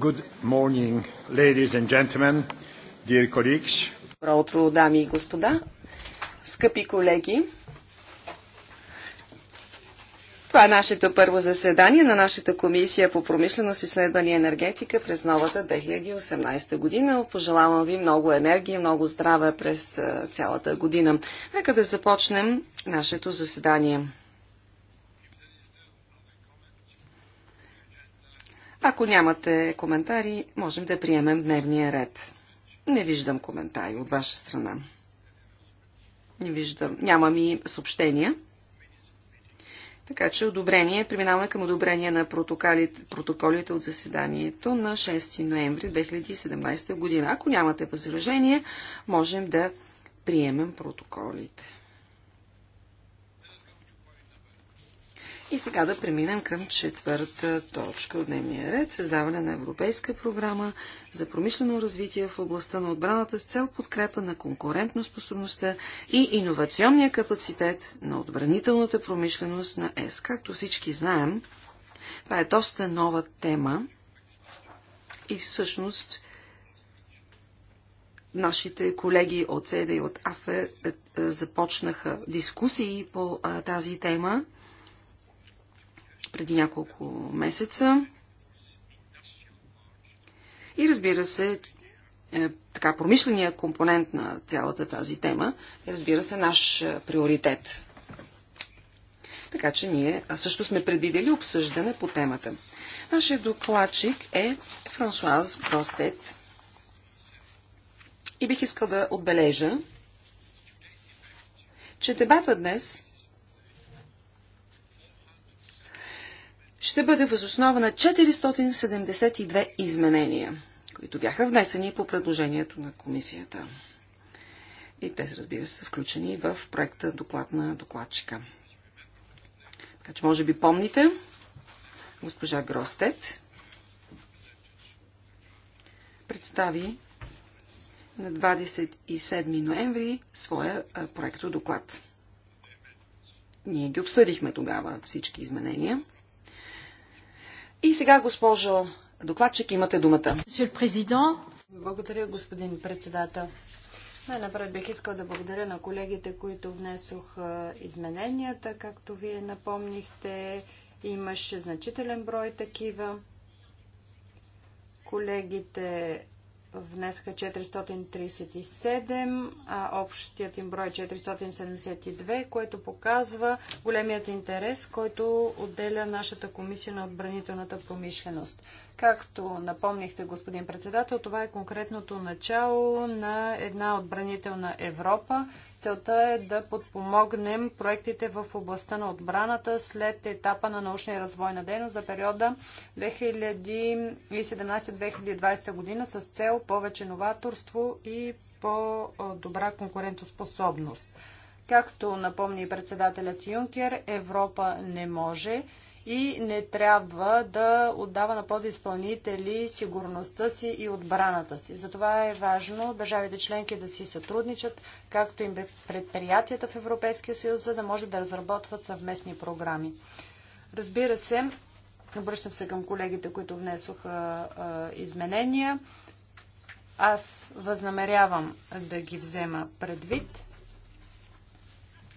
Good morning, ladies and gentlemen, dear colleagues. Добро утро, дами и господа, скъпи колеги. Това е нашето първо заседание на нашата комисия по промишленост, изследване и енергетика през новата 2018 година. Пожелавам ви много енергия, много здраве през цялата година. Нека да започнем нашето заседание. Ако нямате коментари, можем да приемем дневния ред. Не виждам коментари от ваша страна. Не виждам. Нямам и съобщения. Така че одобрение, преминаваме към одобрение на протоколите, протоколите от заседанието на 6 ноември 2017 година. Ако нямате възражение, можем да приемем протоколите. И сега да преминем към четвърта точка от дневния ред – създаване на Европейска програма за промишлено развитие в областта на отбраната с цел подкрепа на конкурентноспособността и иновационния капацитет на отбранителната промишленост на ЕС. Както всички знаем, това е доста нова тема и всъщност нашите колеги от СЕДА и от АФЕ е, започнаха дискусии по тази тема преди няколко месеца. И разбира се, е, така, промишления компонент на цялата тази тема е, разбира се, наш е, приоритет. Така че ние също сме предвидели обсъждане по темата. Нашия докладчик е Франсуаз Гростет. И бих искал да отбележа, че дебата днес ще бъде възоснова на 472 изменения, които бяха внесени по предложението на комисията. И те, разбира се, са включени в проекта доклад на докладчика. Така че, може би помните, госпожа Гростет представи на 27 ноември своя проекто доклад. Ние ги обсъдихме тогава всички изменения. И сега, госпожо докладчик, имате думата. Благодаря, господин председател. Най-напред бих искал да благодаря на колегите, които внесох измененията. Както вие напомнихте, имаше значителен брой такива. Колегите Внеска 437, а общият им брой 472, е което показва големият интерес, който отделя нашата комисия на отбранителната промишленост. Както напомнихте, господин председател, това е конкретното начало на една отбранителна Европа. Целта е да подпомогнем проектите в областта на отбраната след етапа на научна и развойна дейност за периода 2017-2020 година с цел повече новаторство и по-добра конкурентоспособност. Както напомни председателят Юнкер, Европа не може и не трябва да отдава на подизпълнители сигурността си и отбраната си. Затова е важно държавите членки да си сътрудничат, както и предприятията в Европейския съюз, за да може да разработват съвместни програми. Разбира се, обръщам се към колегите, които внесоха изменения. Аз възнамерявам да ги взема предвид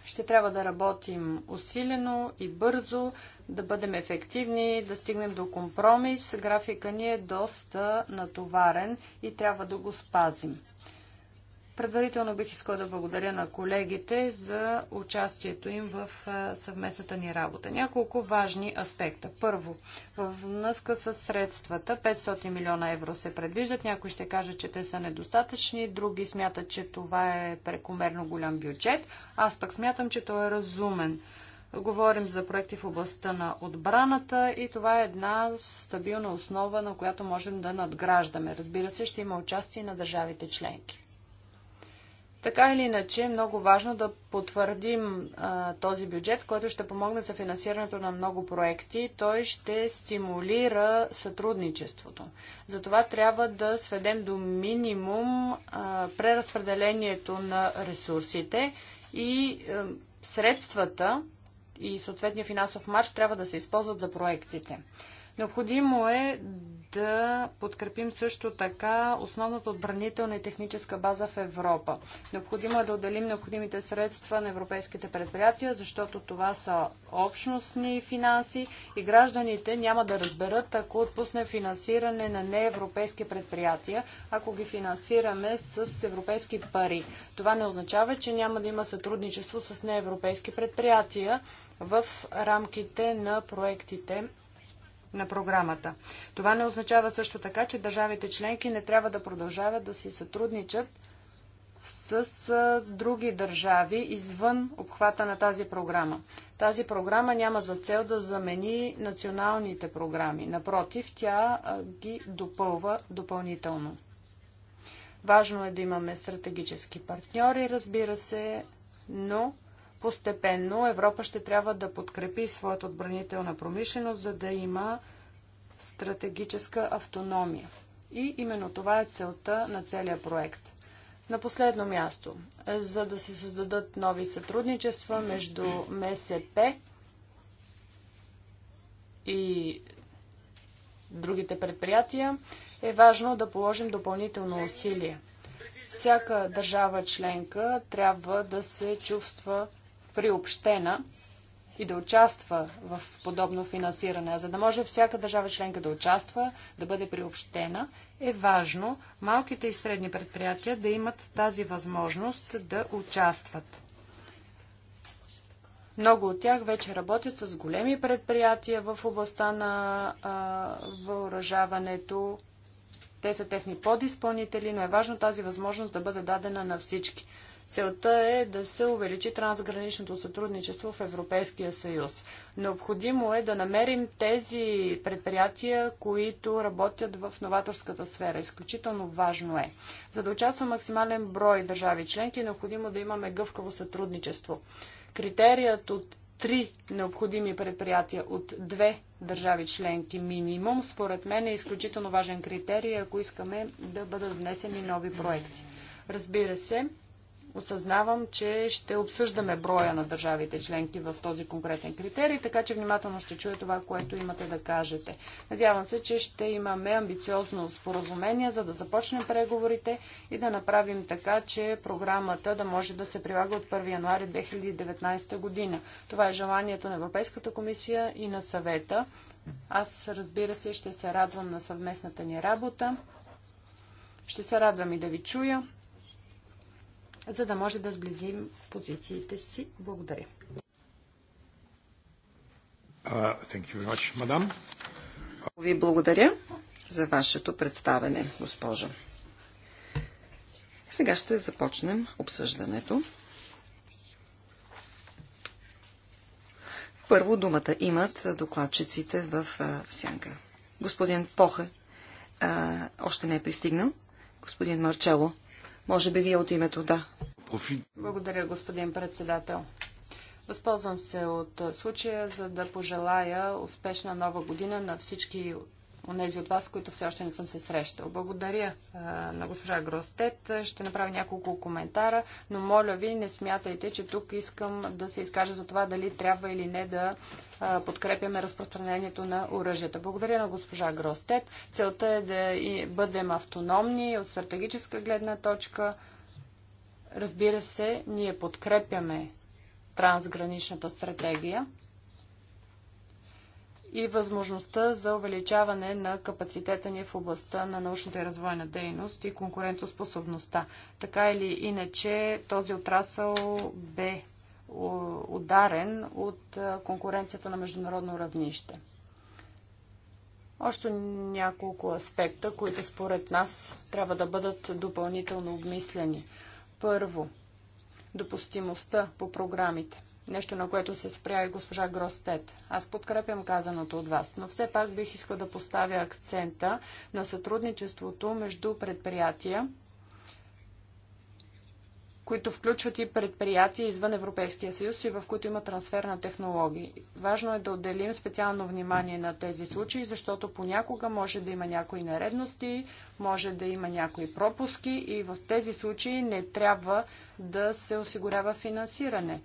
ще трябва да работим усилено и бързо, да бъдем ефективни, да стигнем до компромис. Графика ни е доста натоварен и трябва да го спазим. Предварително бих искала да благодаря на колегите за участието им в съвместната ни работа. Няколко важни аспекта. Първо, в връзка с средствата, 500 милиона евро се предвиждат. Някой ще каже, че те са недостатъчни, други смятат, че това е прекомерно голям бюджет. Аз пък смятам, че той е разумен. Говорим за проекти в областта на отбраната и това е една стабилна основа, на която можем да надграждаме. Разбира се, ще има участие на държавите членки. Така или иначе е много важно да потвърдим а, този бюджет, който ще помогне за финансирането на много проекти. Той ще стимулира сътрудничеството. Затова трябва да сведем до минимум а, преразпределението на ресурсите и а, средствата, и съответния финансов марш трябва да се използват за проектите. Необходимо е да подкрепим също така основната отбранителна и техническа база в Европа. Необходимо е да отделим необходимите средства на европейските предприятия, защото това са общностни финанси и гражданите няма да разберат, ако отпусне финансиране на неевропейски предприятия, ако ги финансираме с европейски пари. Това не означава, че няма да има сътрудничество с неевропейски предприятия в рамките на проектите на програмата. Това не означава също така, че държавите членки не трябва да продължават да си сътрудничат с други държави извън обхвата на тази програма. Тази програма няма за цел да замени националните програми. Напротив, тя ги допълва допълнително. Важно е да имаме стратегически партньори, разбира се, но Постепенно Европа ще трябва да подкрепи своята отбранителна промишленост, за да има стратегическа автономия. И именно това е целта на целия проект. На последно място, за да се създадат нови сътрудничества между МСП и другите предприятия, е важно да положим допълнително усилие. Всяка държава членка трябва да се чувства приобщена и да участва в подобно финансиране. А за да може всяка държава членка да участва, да бъде приобщена, е важно малките и средни предприятия да имат тази възможност да участват. Много от тях вече работят с големи предприятия в областта на а, въоръжаването. Те са техни подизпълнители, но е важно тази възможност да бъде дадена на всички. Целта е да се увеличи трансграничното сътрудничество в Европейския съюз. Необходимо е да намерим тези предприятия, които работят в новаторската сфера. Изключително важно е. За да участва максимален брой държави членки, е необходимо да имаме гъвкаво сътрудничество. Критерият от три необходими предприятия от две държави членки минимум, според мен е изключително важен критерий, ако искаме да бъдат внесени нови проекти. Разбира се, осъзнавам, че ще обсъждаме броя на държавите членки в този конкретен критерий, така че внимателно ще чуя това, което имате да кажете. Надявам се, че ще имаме амбициозно споразумение, за да започнем преговорите и да направим така, че програмата да може да се прилага от 1 януари 2019 година. Това е желанието на Европейската комисия и на съвета. Аз, разбира се, ще се радвам на съвместната ни работа. Ще се радвам и да ви чуя за да може да сблизим позициите си. Благодаря. Uh, Ви благодаря за вашето представене, госпожо. Сега ще започнем обсъждането. Първо думата имат докладчиците в сянка. Господин Похе още не е пристигнал. Господин Марчело. Може би вие от името, да. Благодаря, господин председател. Възползвам се от случая, за да пожелая успешна нова година на всички онези от вас, които все още не съм се срещал. Благодаря а, на госпожа Гростет. Ще направя няколко коментара, но моля ви, не смятайте, че тук искам да се изкажа за това дали трябва или не да а, подкрепяме разпространението на оръжията. Благодаря на госпожа Гростет. Целта е да и бъдем автономни от стратегическа гледна точка. Разбира се, ние подкрепяме трансграничната стратегия и възможността за увеличаване на капацитета ни в областта на научната и развойна дейност и конкурентоспособността. Така или иначе, този отрасъл бе ударен от конкуренцията на международно равнище. Още няколко аспекта, които според нас трябва да бъдат допълнително обмислени. Първо, допустимостта по програмите. Нещо, на което се спря и госпожа Гростет. Аз подкрепям казаното от вас, но все пак бих искал да поставя акцента на сътрудничеството между предприятия, които включват и предприятия извън Европейския съюз и в които има трансфер на технологии. Важно е да отделим специално внимание на тези случаи, защото понякога може да има някои нередности, може да има някои пропуски и в тези случаи не трябва да се осигурява финансиране.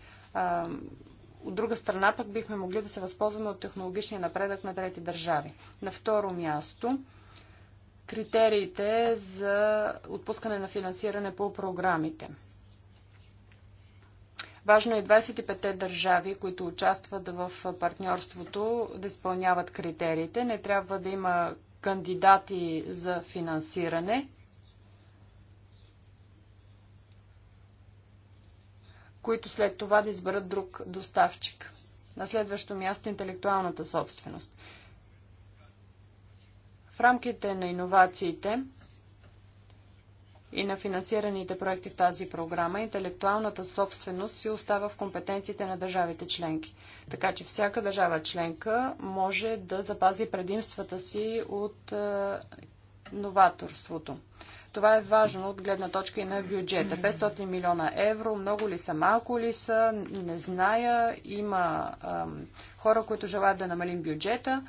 От друга страна пък бихме могли да се възползваме от технологичния напредък на трети държави. На второ място, критериите за отпускане на финансиране по програмите. Важно е 25-те държави, които участват в партньорството, да изпълняват критериите. Не трябва да има кандидати за финансиране – които след това да изберат друг доставчик. На следващо място интелектуалната собственост. В рамките на иновациите и на финансираните проекти в тази програма, интелектуалната собственост си остава в компетенциите на държавите членки. Така че всяка държава членка може да запази предимствата си от е, новаторството. Това е важно от гледна точка и на бюджета. 500 милиона евро, много ли са, малко ли са, не зная. Има ам, хора, които желаят да намалим бюджета.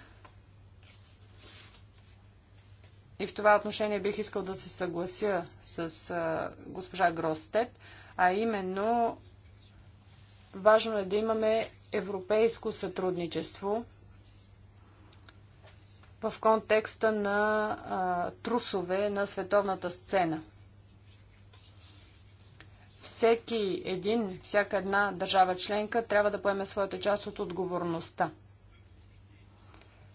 И в това отношение бих искал да се съглася с а, госпожа Гростет, а именно важно е да имаме европейско сътрудничество – в контекста на а, трусове на световната сцена. Всеки един, всяка една държава членка трябва да поеме своята част от отговорността.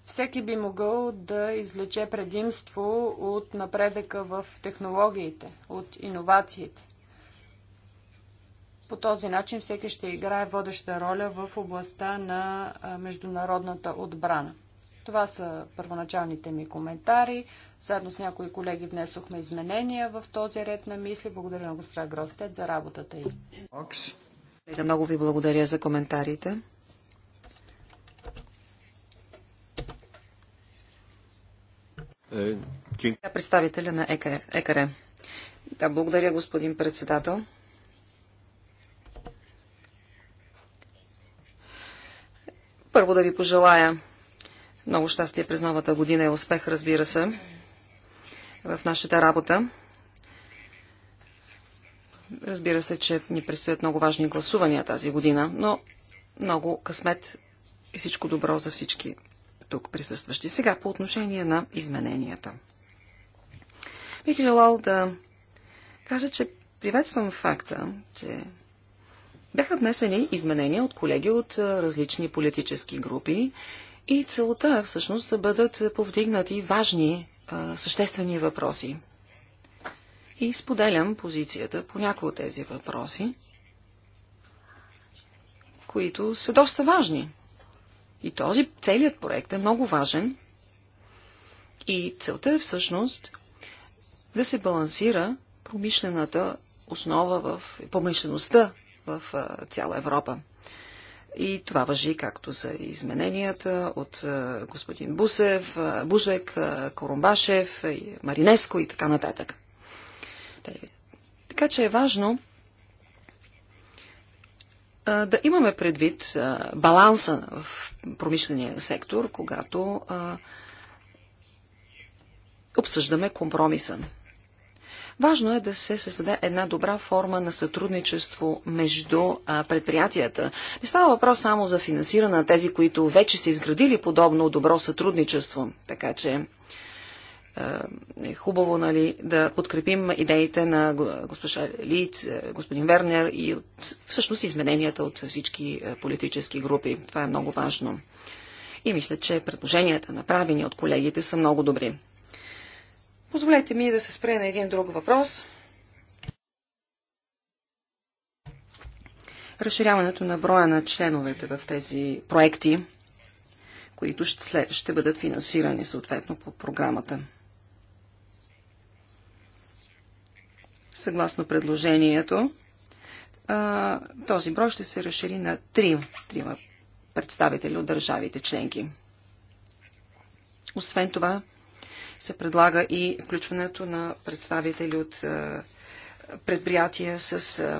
Всеки би могъл да извлече предимство от напредъка в технологиите, от иновациите. По този начин всеки ще играе водеща роля в областта на международната отбрана. Това са първоначалните ми коментари. Заедно с някои колеги внесохме изменения в този ред на мисли. Благодаря на госпожа Гростет за работата й. Много ви благодаря за коментарите. Е, представителя на ЕКР. Да, благодаря, господин председател. Първо да ви пожелая много щастие през новата година и успех, разбира се, в нашата работа. Разбира се, че ни предстоят много важни гласувания тази година, но много късмет и всичко добро за всички тук присъстващи. Сега по отношение на измененията. Бих желал да кажа, че приветствам факта, че бяха внесени изменения от колеги от различни политически групи и целта всъщност да бъдат повдигнати важни, съществени въпроси. И споделям позицията по някои от тези въпроси, които са доста важни. И този целият проект е много важен. И целта е всъщност да се балансира промишлената основа в промишлеността в цяла Европа. И това въжи както за измененията от е, господин Бусев, е, Бужек, е, Корумбашев, Маринеско и така нататък. Така че е важно да имаме предвид баланса в промишления сектор, когато обсъждаме компромиса. Важно е да се създаде една добра форма на сътрудничество между а, предприятията. Не става въпрос само за финансиране на тези, които вече са изградили подобно добро сътрудничество. Така че е хубаво нали, да подкрепим идеите на госпожа Лиц, е, господин Вернер и от, всъщност измененията от всички е, политически групи. Това е много важно. И мисля, че предложенията, направени от колегите, са много добри. Позволете ми да се спре на един друг въпрос. Разширяването на броя на членовете в тези проекти, които ще, ще бъдат финансирани съответно по програмата. Съгласно предложението, този брой ще се разшири на три, трима представители от държавите членки. Освен това, се предлага и включването на представители от е, предприятия с е,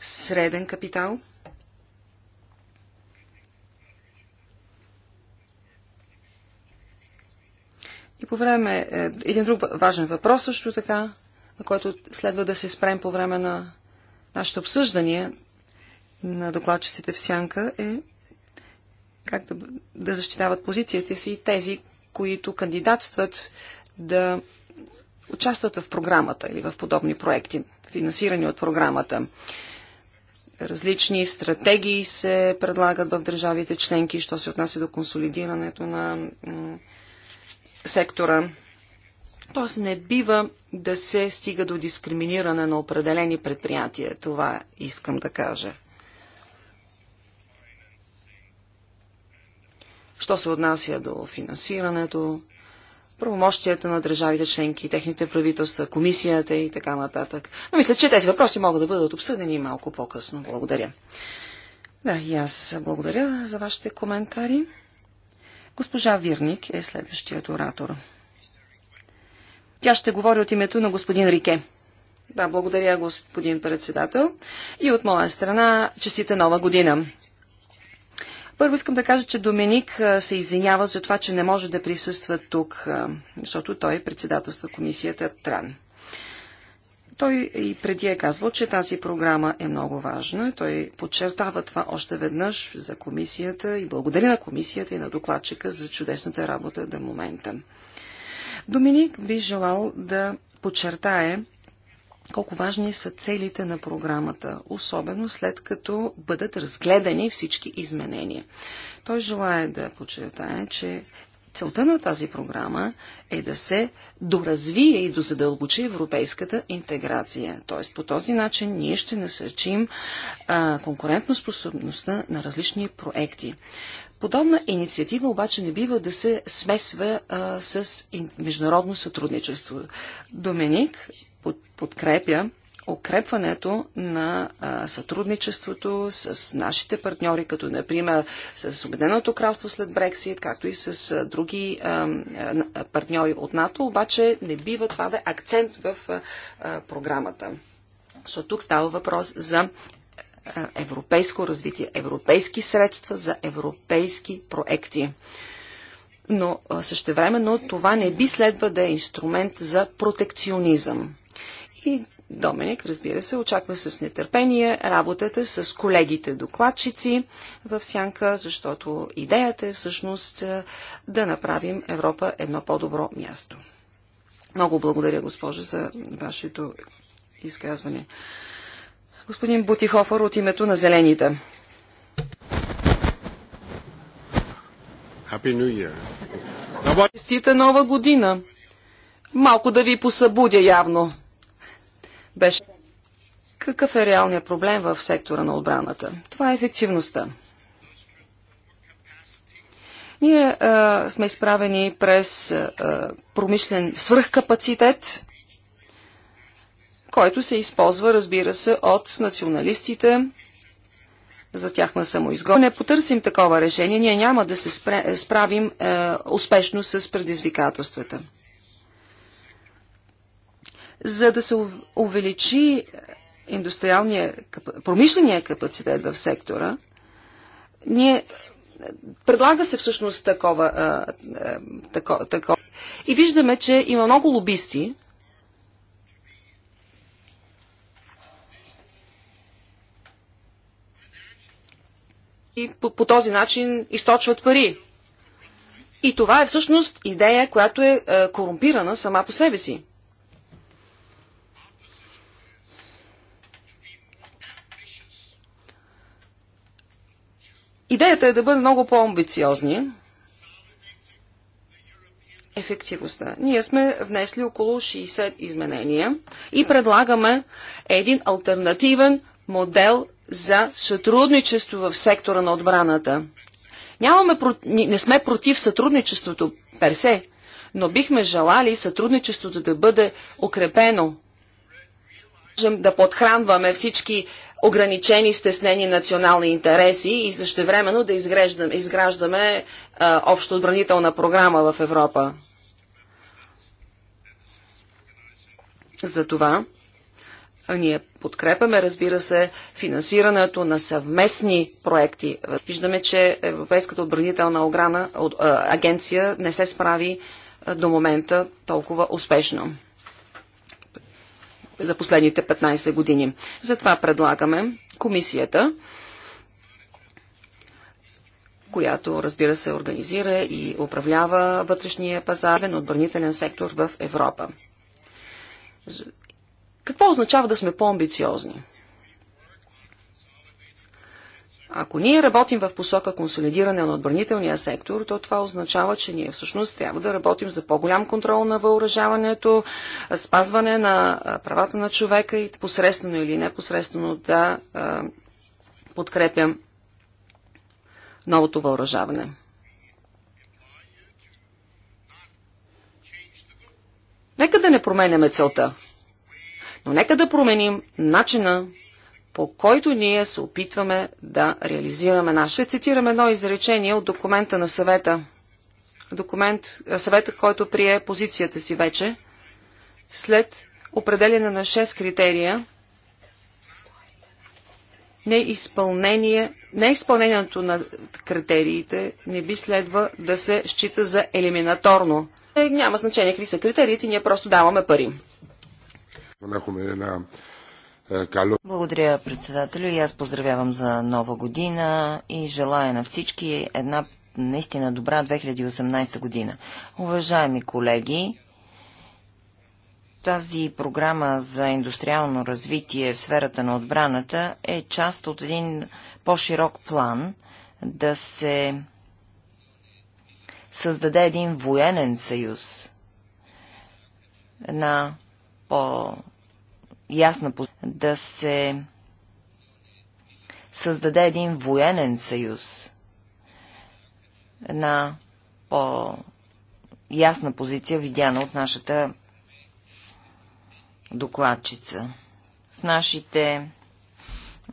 среден капитал. И по време, е, един друг важен въпрос също така, на който следва да се спрем по време на нашето обсъждание на докладчиците в Сянка е как да, да защитават позицията си и тези, които кандидатстват да участват в програмата или в подобни проекти, финансирани от програмата. Различни стратегии се предлагат в държавите членки, що се отнася до консолидирането на сектора. Тоест не бива да се стига до дискриминиране на определени предприятия. Това искам да кажа. що се отнася до финансирането, правомощията на държавите членки, техните правителства, комисията и така нататък. Но мисля, че тези въпроси могат да бъдат обсъдени малко по-късно. Благодаря. Да, и аз благодаря за вашите коментари. Госпожа Вирник е следващият оратор. Тя ще говори от името на господин Рике. Да, благодаря, господин председател. И от моя страна, честита нова година. Първо искам да кажа, че Доминик се извинява за това, че не може да присъства тук, защото той е председателства комисията Тран. Той и преди е казвал, че тази програма е много важна. Той подчертава това още веднъж за комисията и благодари на комисията и на докладчика за чудесната работа до момента. Доминик би желал да подчертае, колко важни са целите на програмата, особено след като бъдат разгледани всички изменения. Той желая да подчертае, че целта на тази програма е да се доразвие и дозадълбочи европейската интеграция. Тоест по този начин ние ще насърчим а, конкурентоспособността на различни проекти. Подобна инициатива обаче не бива да се смесва а, с международно сътрудничество. Доменик подкрепя укрепването на а, сътрудничеството с нашите партньори, като например с Обединеното кралство след Брексит, както и с а, други а, партньори от НАТО, обаче не бива това да е акцент в програмата. Защото тук става въпрос за европейско развитие, европейски средства за европейски проекти. Но същевременно това не би следва да е инструмент за протекционизъм и Доменик, разбира се, очаква с нетърпение работата с колегите докладчици в Сянка, защото идеята е всъщност е, да направим Европа едно по-добро място. Много благодаря, госпожо, за вашето изказване. Господин Бутихофър от името на Зелените. Честита нова година! Малко да ви посъбудя явно беше какъв е реалният проблем в сектора на отбраната. Това е ефективността. Ние а, сме изправени през а, промишлен свръхкапацитет, който се използва, разбира се, от националистите за тяхна самоизгодност. Не потърсим такова решение, ние няма да се справим е, успешно с предизвикателствата за да се увеличи индустриалния, промишления капацитет в сектора, ние предлага се всъщност такова, а, а, тако, такова. И виждаме, че има много лобисти, и по, по този начин източват пари. И това е всъщност идея, която е, е корумпирана сама по себе си. Идеята е да бъдем много по-амбициозни. Ефективността. Ние сме внесли около 60 изменения и предлагаме един альтернативен модел за сътрудничество в сектора на отбраната. Нямаме, не сме против сътрудничеството персе, но бихме желали сътрудничеството да бъде укрепено. Можем да подхранваме всички ограничени, стеснени национални интереси и същевременно да изграждаме, изграждаме а, общо отбранителна програма в Европа. Затова ние подкрепяме, разбира се, финансирането на съвместни проекти. Виждаме, че Европейската отбранителна ограна, агенция не се справи до момента толкова успешно за последните 15 години. Затова предлагаме комисията, която разбира се организира и управлява вътрешния пазарен отбранителен сектор в Европа. Какво означава да сме по-амбициозни? Ако ние работим в посока консолидиране на отбранителния сектор, то това означава, че ние всъщност трябва да работим за по-голям контрол на въоръжаването, спазване на правата на човека и посредствено или непосредствено да подкрепям новото въоръжаване. Нека да не променяме целта, но нека да променим начина по който ние се опитваме да реализираме наш. Ще цитирам едно изречение от документа на съвета. Документ, съвета, който прие позицията си вече, след определяне на 6 критерия, неизпълнение, неизпълнението на критериите не би следва да се счита за елиминаторно. Е, няма значение какви са критериите, ние просто даваме пари. Е, Благодаря, председателю. И аз поздравявам за нова година и желая на всички една наистина добра 2018 година. Уважаеми колеги, тази програма за индустриално развитие в сферата на отбраната е част от един по-широк план да се създаде един военен съюз, на по ясна да се създаде един военен съюз, една по-ясна позиция, видяна от нашата докладчица. В нашите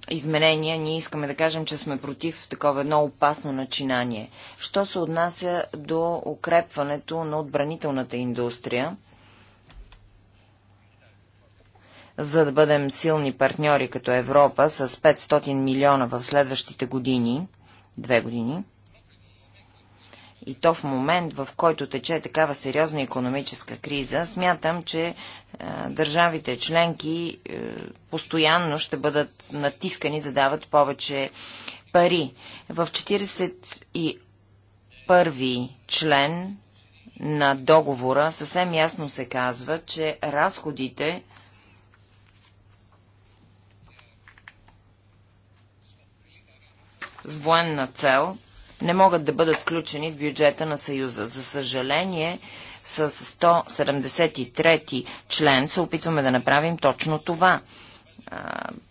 изменения ние искаме да кажем, че сме против такова едно опасно начинание. Що се отнася до укрепването на отбранителната индустрия, за да бъдем силни партньори като Европа с 500 милиона в следващите години, две години, и то в момент, в който тече такава сериозна економическа криза, смятам, че е, държавите членки е, постоянно ще бъдат натискани да дават повече пари. В 41 член на договора съвсем ясно се казва, че разходите с военна цел не могат да бъдат включени в бюджета на Съюза. За съжаление, с 173 член се опитваме да направим точно това.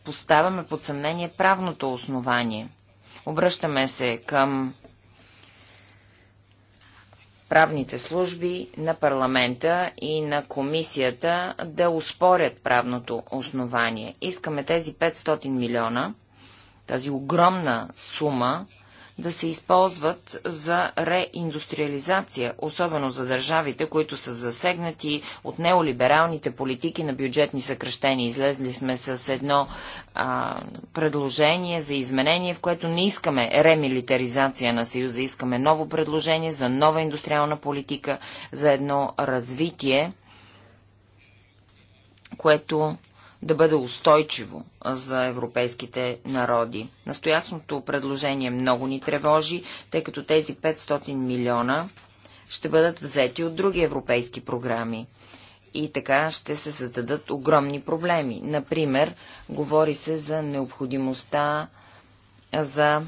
Поставяме под съмнение правното основание. Обръщаме се към правните служби на парламента и на комисията да успорят правното основание. Искаме тези 500 милиона – тази огромна сума, да се използват за реиндустриализация, особено за държавите, които са засегнати от неолибералните политики на бюджетни съкръщения. Излезли сме с едно а, предложение за изменение, в което не искаме ремилитаризация на Съюза, искаме ново предложение за нова индустриална политика, за едно развитие, което да бъде устойчиво за европейските народи. Настоясното предложение много ни тревожи, тъй като тези 500 милиона ще бъдат взети от други европейски програми. И така ще се създадат огромни проблеми. Например, говори се за необходимостта за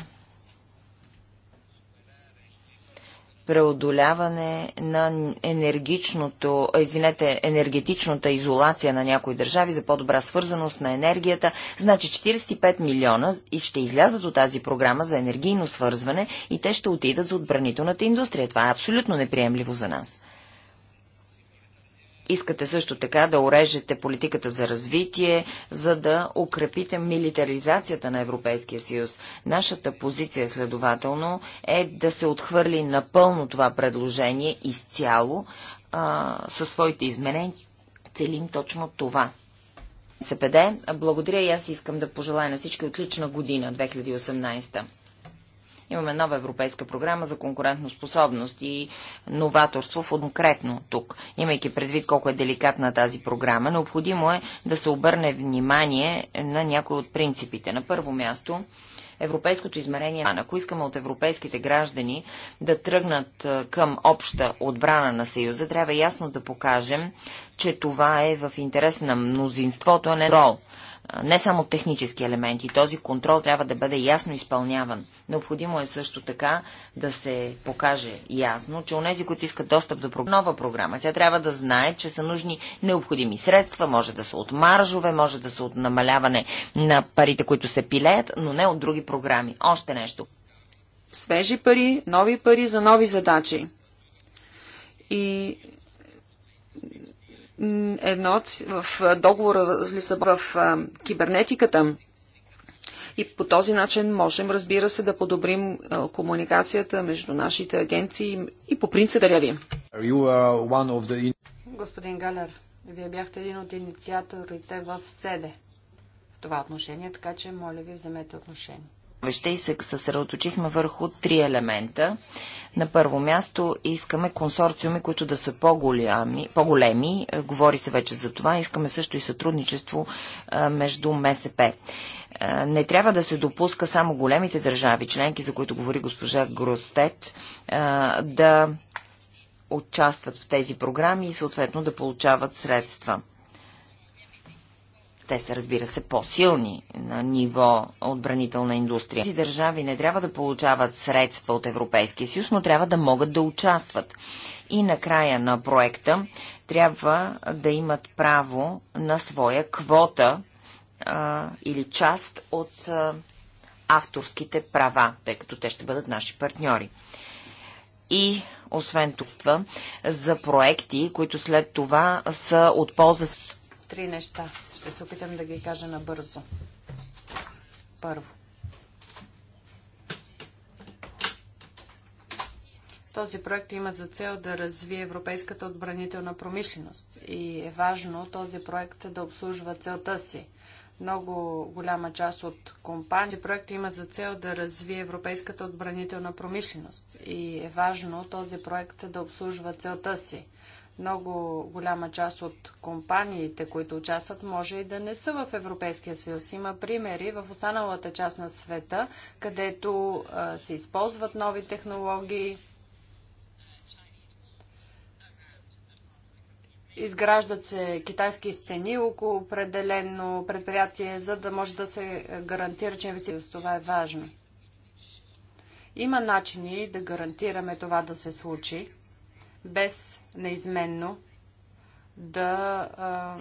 преодоляване на енергичното, извинете, енергетичната изолация на някои държави за по-добра свързаност на енергията. Значи 45 милиона ще излязат от тази програма за енергийно свързване и те ще отидат за отбранителната индустрия. Това е абсолютно неприемливо за нас. Искате също така да орежете политиката за развитие, за да укрепите милитаризацията на Европейския съюз. Нашата позиция, следователно, е да се отхвърли напълно това предложение изцяло а, със своите изменения. Целим точно това. СПД, благодаря и аз искам да пожелая на всички отлична година 2018. Имаме нова европейска програма за конкурентоспособност и новаторство в конкретно тук. Имайки предвид колко е деликатна тази програма, необходимо е да се обърне внимание на някои от принципите. На първо място, европейското измерение. Ако искаме от европейските граждани да тръгнат към обща отбрана на Съюза, трябва ясно да покажем, че това е в интерес на мнозинството, а не рол не само технически елементи. Този контрол трябва да бъде ясно изпълняван. Необходимо е също така да се покаже ясно, че онези, които искат достъп до нова програма, тя трябва да знае, че са нужни необходими средства, може да са от маржове, може да са от намаляване на парите, които се пилеят, но не от други програми. Още нещо. Свежи пари, нови пари за нови задачи. И едно в договора в Лисабон в кибернетиката. И по този начин можем, разбира се, да подобрим комуникацията между нашите агенции и по принцип да ви. Господин Галер, вие бяхте един от инициаторите в СЕДЕ в това отношение, така че моля ви вземете отношение становище и се съсредоточихме върху три елемента. На първо място искаме консорциуми, които да са по-големи. По е, говори се вече за това. Искаме също и сътрудничество е, между МСП. Е, не трябва да се допуска само големите държави, членки, за които говори госпожа Гростет, да участват в тези програми и съответно да получават средства. Те са, разбира се, по-силни на ниво отбранителна индустрия. Тези държави не трябва да получават средства от Европейския съюз, но трябва да могат да участват. И на края на проекта трябва да имат право на своя квота а, или част от а, авторските права, тъй като те ще бъдат наши партньори. И освен това, за проекти, които след това са от полза. с Три неща. Ще се опитам да ги кажа набързо. Първо. Този проект има за цел да развие европейската отбранителна промишленост и е важно този проект да обслужва целта си. Много голяма част от компании. Проект има за цел да развие европейската отбранителна промишленост и е важно този проект да обслужва целта си. Много голяма част от компаниите, които участват, може и да не са в Европейския съюз. Има примери в останалата част на света, където се използват нови технологии, Изграждат се китайски стени около определено предприятие, за да може да се гарантира, че инвеститорството това е важно. Има начини да гарантираме това да се случи, без неизменно да а,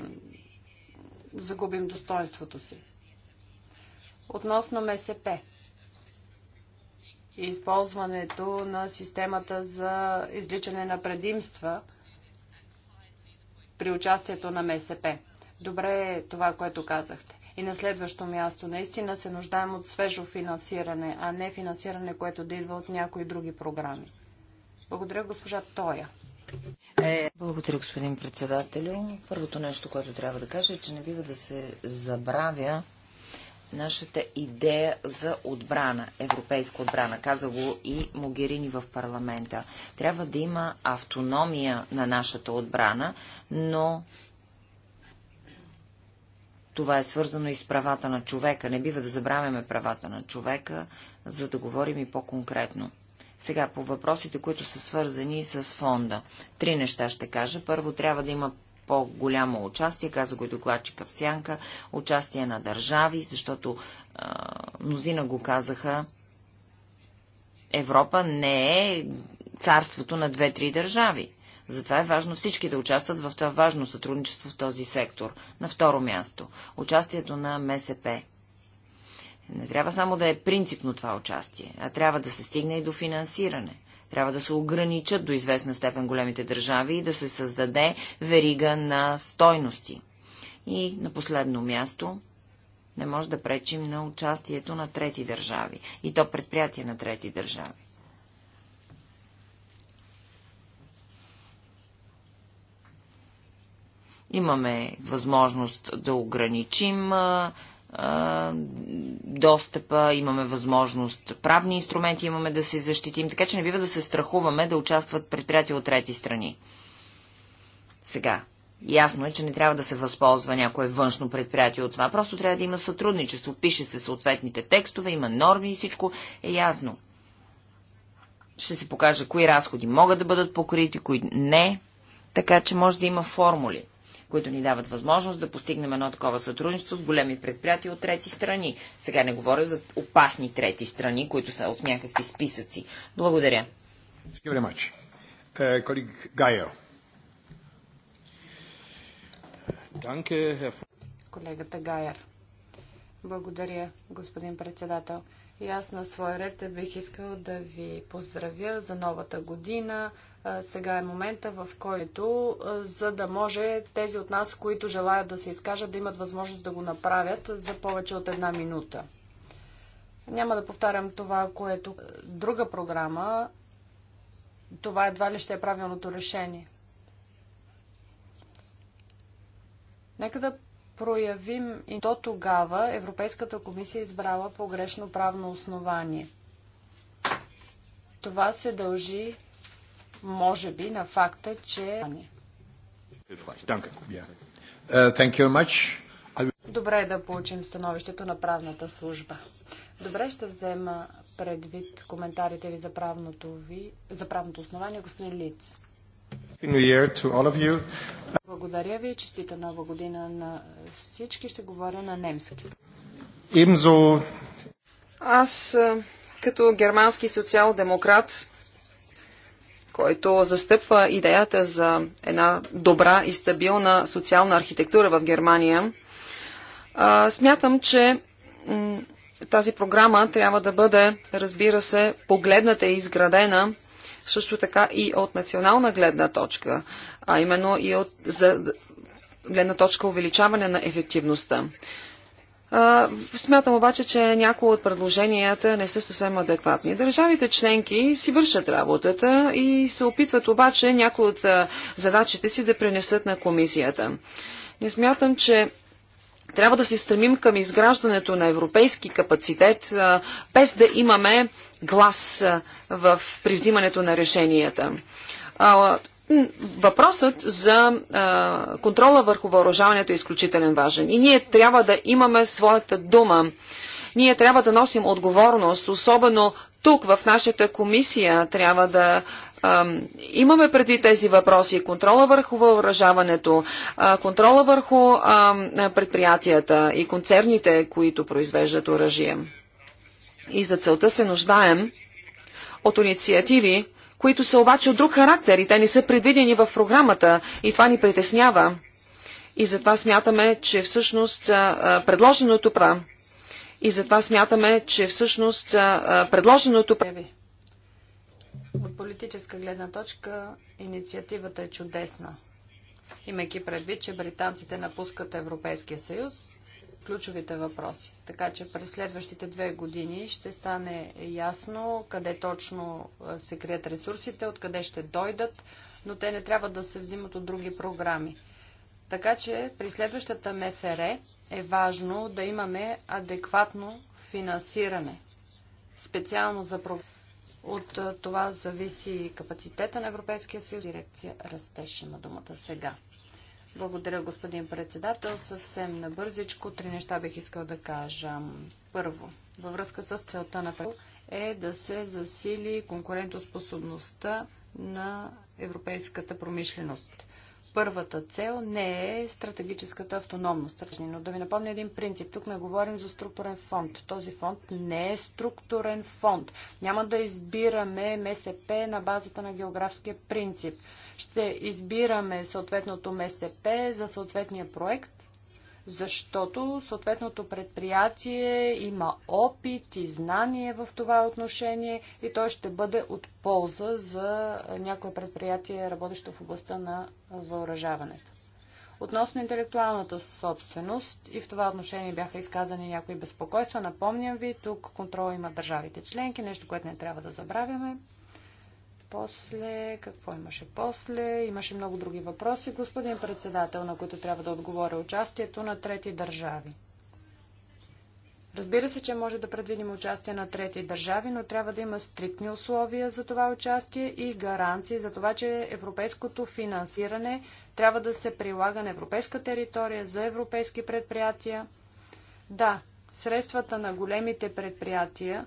загубим достоинството си. Относно МСП и използването на системата за изличане на предимства при участието на МСП. Добре е това, което казахте. И на следващо място, наистина се нуждаем от свежо финансиране, а не финансиране, което да идва от някои други програми. Благодаря, госпожа Тоя. Благодаря, господин председателю. Първото нещо, което трябва да кажа е, че не бива да се забравя нашата идея за отбрана, европейска отбрана. Каза го и Могерини в парламента. Трябва да има автономия на нашата отбрана, но това е свързано и с правата на човека. Не бива да забравяме правата на човека, за да говорим и по-конкретно. Сега по въпросите, които са свързани с фонда. Три неща ще кажа. Първо, трябва да има по-голямо участие, каза го и докладчика в Сянка, участие на държави, защото а, мнозина го казаха, Европа не е царството на две-три държави. Затова е важно всички да участват в това важно сътрудничество в този сектор. На второ място, участието на МСП. Не трябва само да е принципно това участие, а трябва да се стигне и до финансиране. Трябва да се ограничат до известна степен големите държави и да се създаде верига на стойности. И на последно място не може да пречим на участието на трети държави и то предприятие на трети държави. Имаме възможност да ограничим достъпа, имаме възможност, правни инструменти имаме да се защитим, така че не бива да се страхуваме да участват предприятия от трети страни. Сега, ясно е, че не трябва да се възползва някое външно предприятие от това, просто трябва да има сътрудничество, пише се съответните текстове, има норми и всичко е ясно. Ще се покаже кои разходи могат да бъдат покрити, кои не, така че може да има формули които ни дават възможност да постигнем едно такова сътрудничество с големи предприятия от трети страни. Сега не говоря за опасни трети страни, които са от някакви списъци. Благодаря. Е, е, Колегата Гайер. Благодаря, господин председател. И аз на свой ред бих искал да ви поздравя за новата година, сега е момента, в който, за да може тези от нас, които желаят да се изкажат, да имат възможност да го направят за повече от една минута. Няма да повтарям това, което друга програма, това едва ли ще е правилното решение. Нека да проявим и то тогава Европейската комисия е избрала погрешно правно основание. Това се дължи може би, на факта, че... Uh, Добре е да получим становището на правната служба. Добре, ще взема предвид коментарите ви за правното, ви, за правното основание, господин Лиц. Благодаря ви. Честита нова година на всички. Ще говоря на немски. Аз като германски социал-демократ който застъпва идеята за една добра и стабилна социална архитектура в Германия. А, смятам, че тази програма трябва да бъде, разбира се, погледната и изградена също така и от национална гледна точка, а именно и от за гледна точка увеличаване на ефективността. Смятам обаче, че някои от предложенията не са съвсем адекватни. Държавите членки си вършат работата и се опитват обаче някои от задачите си да пренесат на комисията. Не смятам, че трябва да се стремим към изграждането на европейски капацитет, без да имаме глас в, при взимането на решенията. Въпросът за а, контрола върху въоръжаването е изключителен важен. И ние трябва да имаме своята дума. Ние трябва да носим отговорност, особено тук в нашата комисия трябва да имаме преди тези въпроси контрола върху въоръжаването, контрола върху предприятията и концерните, които произвеждат оръжие. И за целта се нуждаем от инициативи, които са обаче от друг характер и те не са предвидени в програмата и това ни притеснява. И затова смятаме, че всъщност предложеното права и затова смятаме, че всъщност предложеното прави. От политическа гледна точка инициативата е чудесна. Имайки предвид, че британците напускат Европейския съюз, ключовите въпроси. Така че през следващите две години ще стане ясно къде точно се крият ресурсите, откъде ще дойдат, но те не трябва да се взимат от други програми. Така че при следващата МФР е важно да имаме адекватно финансиране. Специално за програми. От това зависи капацитета на Европейския съюз. Дирекция Растеж има думата сега. Благодаря, господин председател. Съвсем набързичко три неща бих искал да кажа. Първо, във връзка с целта на е да се засили конкурентоспособността на европейската промишленост. Първата цел не е стратегическата автономност, но да ви напомня един принцип. Тук не говорим за структурен фонд. Този фонд не е структурен фонд. Няма да избираме МСП на базата на географския принцип. Ще избираме съответното МСП за съответния проект, защото съответното предприятие има опит и знание в това отношение и той ще бъде от полза за някое предприятие, работещо в областта на въоръжаването. Относно интелектуалната собственост и в това отношение бяха изказани някои безпокойства. Напомням ви, тук контрол има държавите членки, нещо, което не трябва да забравяме. После, какво имаше после? Имаше много други въпроси, господин председател, на които трябва да отговоря участието на трети държави. Разбира се, че може да предвидим участие на трети държави, но трябва да има стриктни условия за това участие и гаранции за това, че европейското финансиране трябва да се прилага на европейска територия за европейски предприятия. Да, средствата на големите предприятия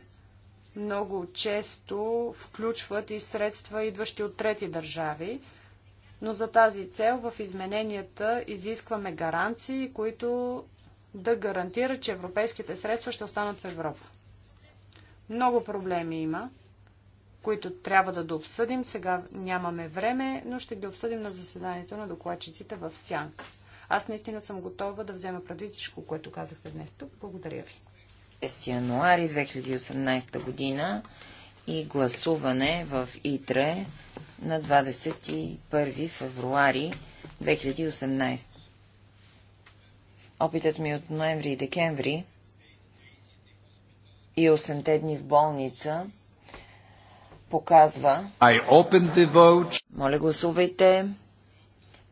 много често включват и средства, идващи от трети държави, но за тази цел в измененията изискваме гаранции, които да гарантират, че европейските средства ще останат в Европа. Много проблеми има, които трябва да обсъдим. Сега нямаме време, но ще ги обсъдим на заседанието на докладчиците в Сянка. Аз наистина съм готова да взема предвид всичко, което казахте днес тук. Благодаря ви. 6 януари 2018 година и гласуване в ИТРЕ на 21 февруари 2018. Опитът ми е от ноември и декември и 8 дни в болница показва... Моля гласувайте.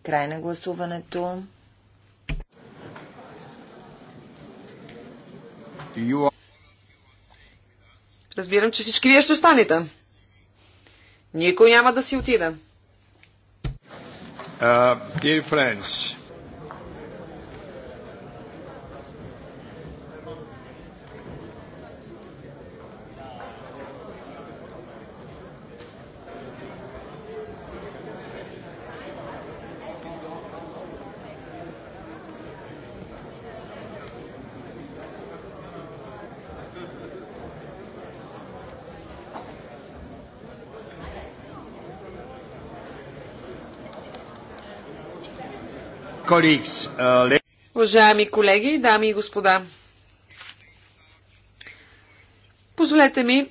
Край на гласуването. Разбирам, че всички вие ще останете. Никой няма да си отида. Uh, dear friends, Uh, Уважаеми колеги, дами и господа, позволете ми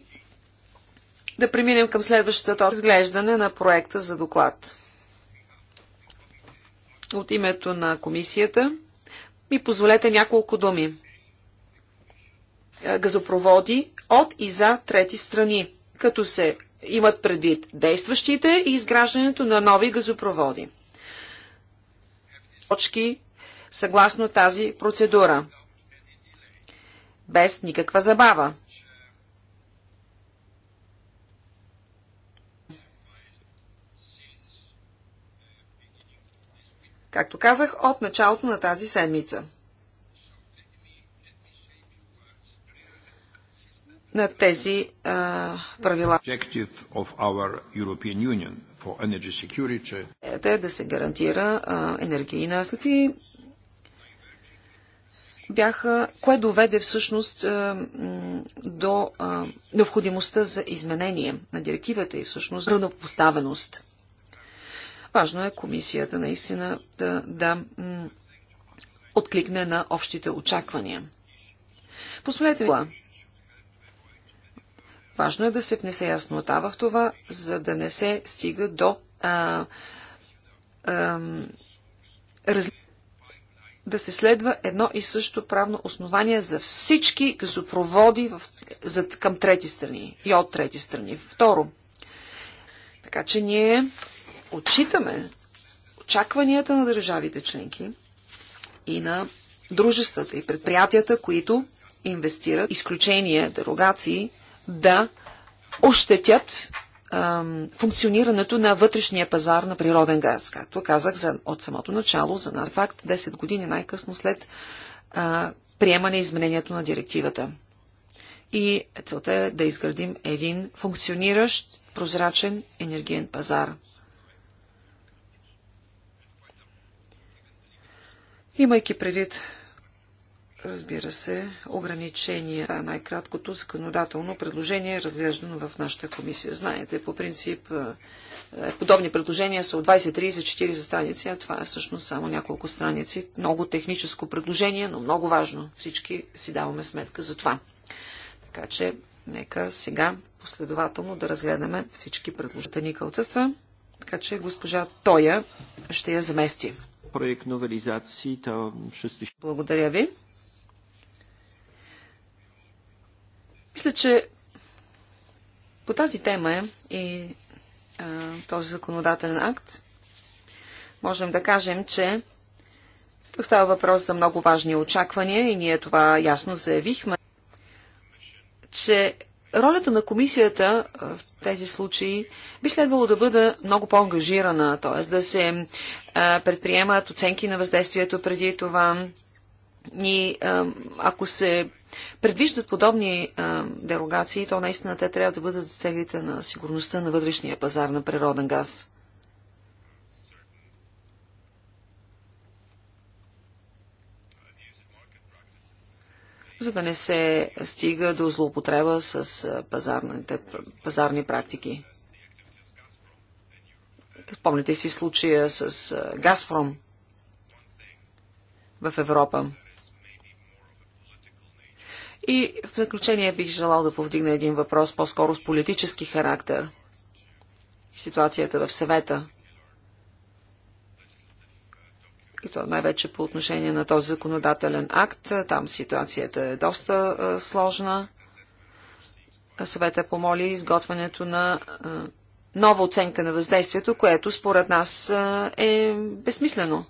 да преминем към точка разглеждане на проекта за доклад. От името на комисията ми позволете няколко думи. Е, газопроводи от и за трети страни, като се имат предвид действащите и изграждането на нови газопроводи точки съгласно тази процедура. Без никаква забава. Както казах, от началото на тази седмица. на тези а, правила. Е, те да се гарантира а, енергийна. Какви бяха, кое доведе всъщност до необходимостта за изменение на директивата и всъщност равнопоставеност. Важно е комисията наистина да, да откликне на общите очаквания. Позволете ми Важно е да се внесе яснота в това, за да не се стига до а, а, раз... да се следва едно и също правно основание за всички газопроводи в... за... към трети страни и от трети страни. Второ, така че ние отчитаме очакванията на държавите членки и на дружествата и предприятията, които инвестират изключения, дерогации да ощетят функционирането на вътрешния пазар на природен газ. Както казах за, от самото начало, за нас факт 10 години най-късно след а, приемане изменението на директивата. И целта е да изградим един функциониращ, прозрачен енергиен пазар. Имайки предвид разбира се, ограничения. Това е най-краткото законодателно предложение, разглеждано в нашата комисия. Знаете, по принцип, е, е, подобни предложения са от 20, 30, 40 страници, а това е всъщност само няколко страници. Много техническо предложение, но много важно. Всички си даваме сметка за това. Така че, нека сега последователно да разгледаме всички предложения. Ника отсъства, така че госпожа Тоя ще я замести. Проект новелизации, то ще... Благодаря ви. Мисля, че по тази тема е и а, този законодателен акт. Можем да кажем, че тук става въпрос за много важни очаквания и ние това ясно заявихме, че ролята на комисията в тези случаи би следвало да бъде много по-ангажирана, т.е. да се предприемат оценки на въздействието преди това. И ако се предвиждат подобни а, дерогации, то наистина те трябва да бъдат за целите на сигурността на вътрешния пазар на природен газ. за да не се стига до злоупотреба с пазарните, пазарни практики. Помните си случая с Газпром в Европа. И в заключение бих желал да повдигна един въпрос по-скоро с политически характер. Ситуацията в съвета. И то най-вече по отношение на този законодателен акт. Там ситуацията е доста а, сложна. Съвета помоли изготвянето на а, нова оценка на въздействието, което според нас а, е безсмислено.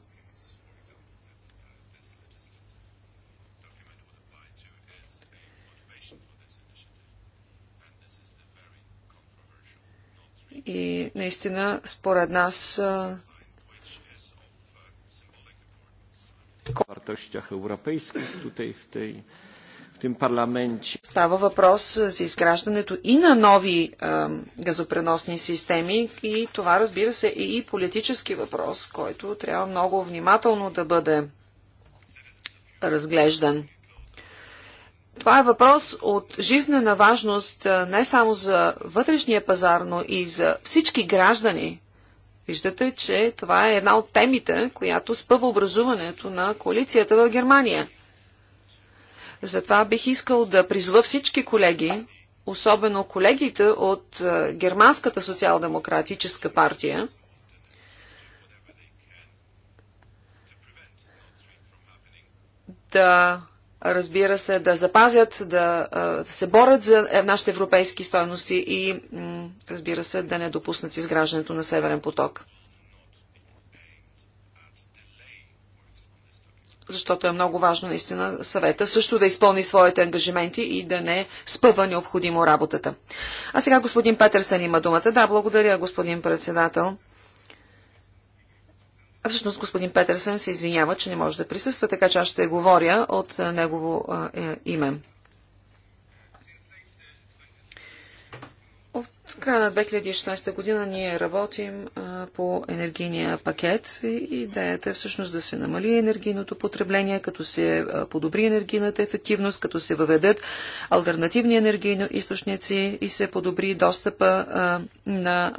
И наистина, според нас, Става въпрос за изграждането и на нови газопреносни системи и това разбира се е и политически въпрос, който трябва много внимателно да бъде разглеждан. Това е въпрос от жизнена важност не само за вътрешния пазар, но и за всички граждани. Виждате, че това е една от темите, която спъва образуването на коалицията в Германия. Затова бих искал да призова всички колеги, особено колегите от Германската социал-демократическа партия, да разбира се, да запазят, да, да се борят за е, нашите европейски стоености и, разбира се, да не допуснат изграждането на Северен поток. Защото е много важно наистина съвета също да изпълни своите ангажименти и да не спъва необходимо работата. А сега господин Петърсън има думата. Да, благодаря, господин председател. А всъщност господин Петерсен се извинява, че не може да присъства, така че аз ще говоря от негово е, име. В края на 2016 година ние работим а, по енергийния пакет и идеята е всъщност да се намали енергийното потребление, като се а, подобри енергийната ефективност, като се въведат альтернативни енергийни източници и се подобри достъпа а, на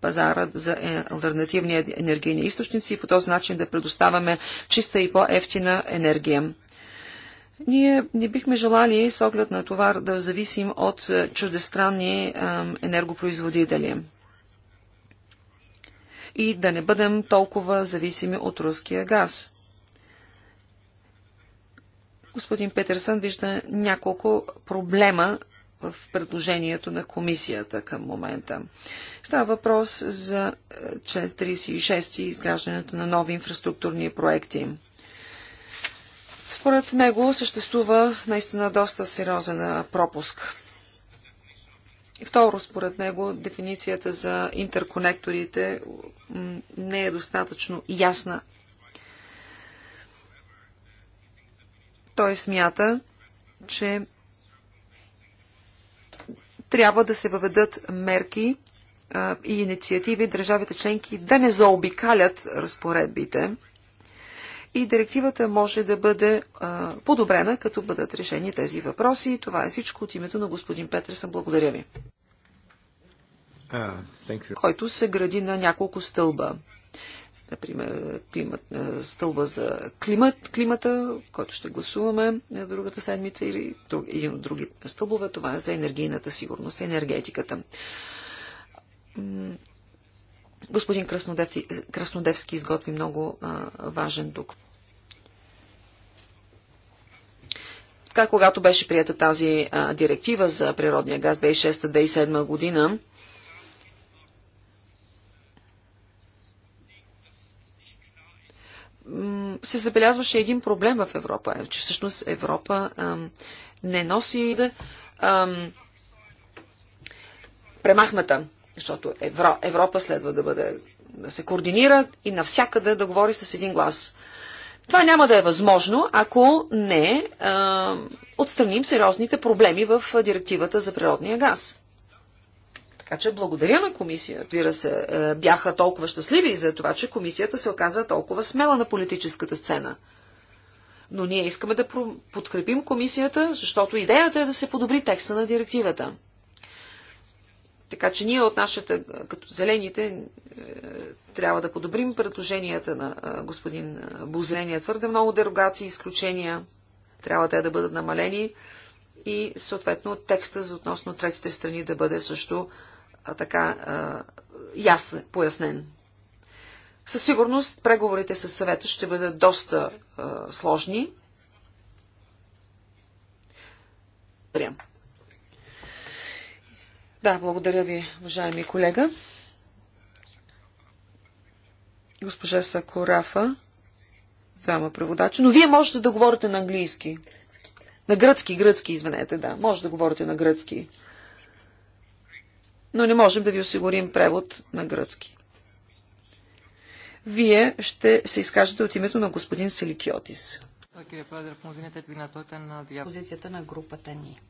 пазара за е, альтернативни енергийни източници и по този начин да предоставяме чиста и по-ефтина енергия. Ние не бихме желали с оглед на това да зависим от е, чуждестранни е, енергопроизводители и да не бъдем толкова зависими от руския газ. Господин Петерсън вижда няколко проблема в предложението на комисията към момента. Става въпрос за е, член 36 и изграждането на нови инфраструктурни проекти. Според него съществува наистина доста сериозен пропуск. второ, според него, дефиницията за интерконекторите не е достатъчно ясна. Той смята, че трябва да се въведат мерки и инициативи държавите членки да не заобикалят разпоредбите и директивата може да бъде а, подобрена, като бъдат решени тези въпроси. Това е всичко от името на господин Петерсън. Благодаря ви. който се гради на няколко стълба. Например, климат, стълба за климат, климата, който ще гласуваме другата седмица, или друг, един от други стълбове, това е за енергийната сигурност, енергетиката. Господин Краснодевски, Краснодевски изготви много а, важен дук. Така, когато беше прията тази а, директива за природния газ 2006-2007 година, се забелязваше един проблем в Европа, е, че всъщност Европа не носи а, премахната защото Евро, Европа следва да, бъде, да се координира и навсякъде да говори с един глас. Това няма да е възможно, ако не е, отстраним сериозните проблеми в директивата за природния газ. Така че благодаря на комисията. вира се, е, бяха толкова щастливи за това, че комисията се оказа толкова смела на политическата сцена. Но ние искаме да подкрепим комисията, защото идеята е да се подобри текста на директивата. Така че ние от нашата, като зелените, е, трябва да подобрим предложенията на е, господин Бузеления. Твърде много дерогации, изключения трябва те да бъдат намалени и съответно текста за относно третите страни да бъде също така е, ясен, пояснен. Със сигурност преговорите с съвета ще бъдат доста сложни. Благодаря. Да, благодаря ви, уважаеми колега. Госпожа Сакорафа, двама преводача, но вие можете да говорите на английски. На гръцки, гръцки, извинете, да. Може да говорите на гръцки. Но не можем да ви осигурим превод на гръцки. Вие ще се изкажете от името на господин Селикиотис. Позицията на групата ни.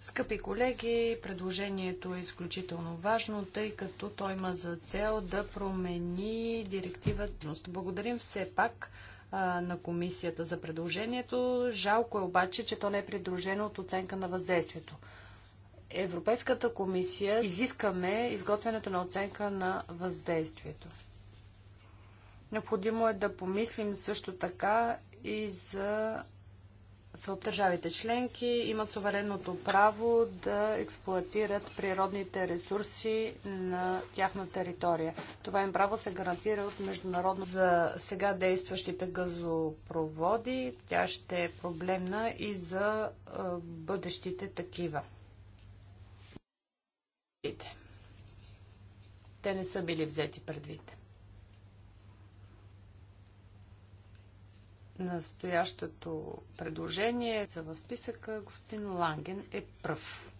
Скъпи колеги, предложението е изключително важно, тъй като той има за цел да промени директивът. Благодарим все пак а, на комисията за предложението. Жалко е обаче, че то не е придружено от оценка на въздействието. Европейската комисия изискаме изготвянето на оценка на въздействието. Необходимо е да помислим също така и за са от държавите членки имат суверенното право да експлуатират природните ресурси на тяхна територия. Това им право се гарантира от международно за сега действащите газопроводи. Тя ще е проблемна и за бъдещите такива. Те не са били взети предвид. настоящото предложение за възписъка господин Ланген е пръв.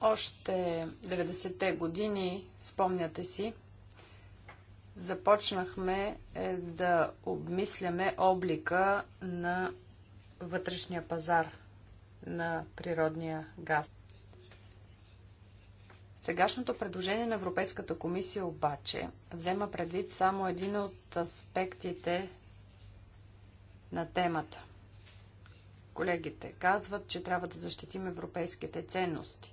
Още 90-те години, спомняте си, започнахме е, да обмисляме облика на вътрешния пазар на природния газ. Сегашното предложение на Европейската комисия обаче взема предвид само един от аспектите на темата. Колегите казват, че трябва да защитим европейските ценности.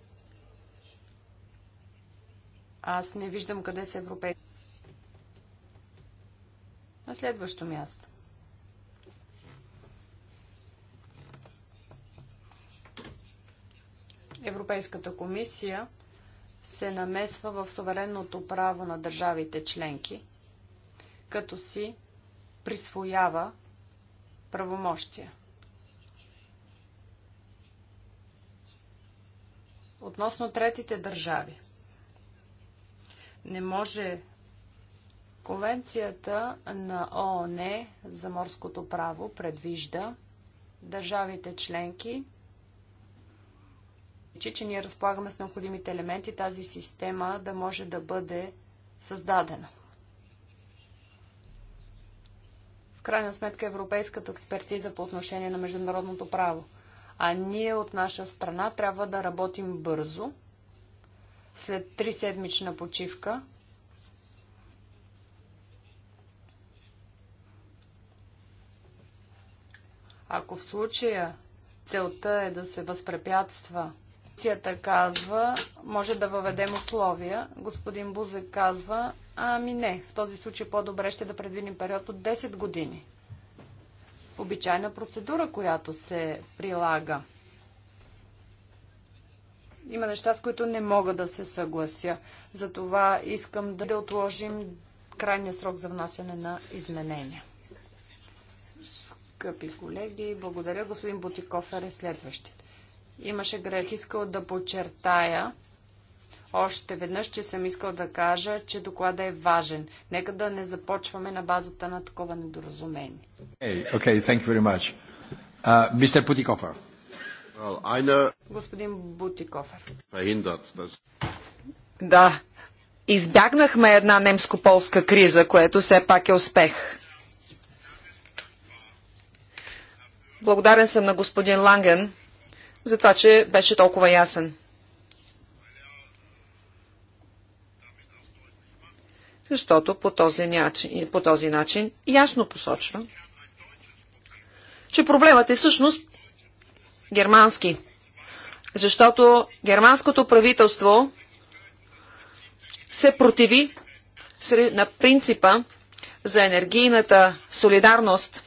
Аз не виждам къде са европейски. На следващо място. Европейската комисия се намесва в суверенното право на държавите членки, като си присвоява правомощия. Относно третите държави. Не може Конвенцията на ООН за морското право предвижда държавите членки Значи, че ние разполагаме с необходимите елементи тази система да може да бъде създадена. В крайна сметка европейската експертиза по отношение на международното право. А ние от наша страна трябва да работим бързо, след три седмична почивка, Ако в случая целта е да се възпрепятства Опозицията казва, може да въведем условия. Господин Бузек казва, ами не, в този случай по-добре ще да предвидим период от 10 години. Обичайна процедура, която се прилага. Има неща, с които не мога да се съглася. Затова искам да отложим крайния срок за внасяне на изменения. Скъпи колеги, благодаря. Господин Бутиков е следващите имаше грех. Искал да подчертая още веднъж, че съм искал да кажа, че доклада е важен. Нека да не започваме на базата на такова недоразумение. Hey, okay, thank you very much. Uh, Well, Господин Бутикофер. Да, избягнахме една немско-полска криза, което все пак е успех. Благодарен съм на господин Ланген за това, че беше толкова ясен. Защото по този начин, по този начин ясно посочва, че проблемът е всъщност германски. Защото германското правителство се противи на принципа за енергийната солидарност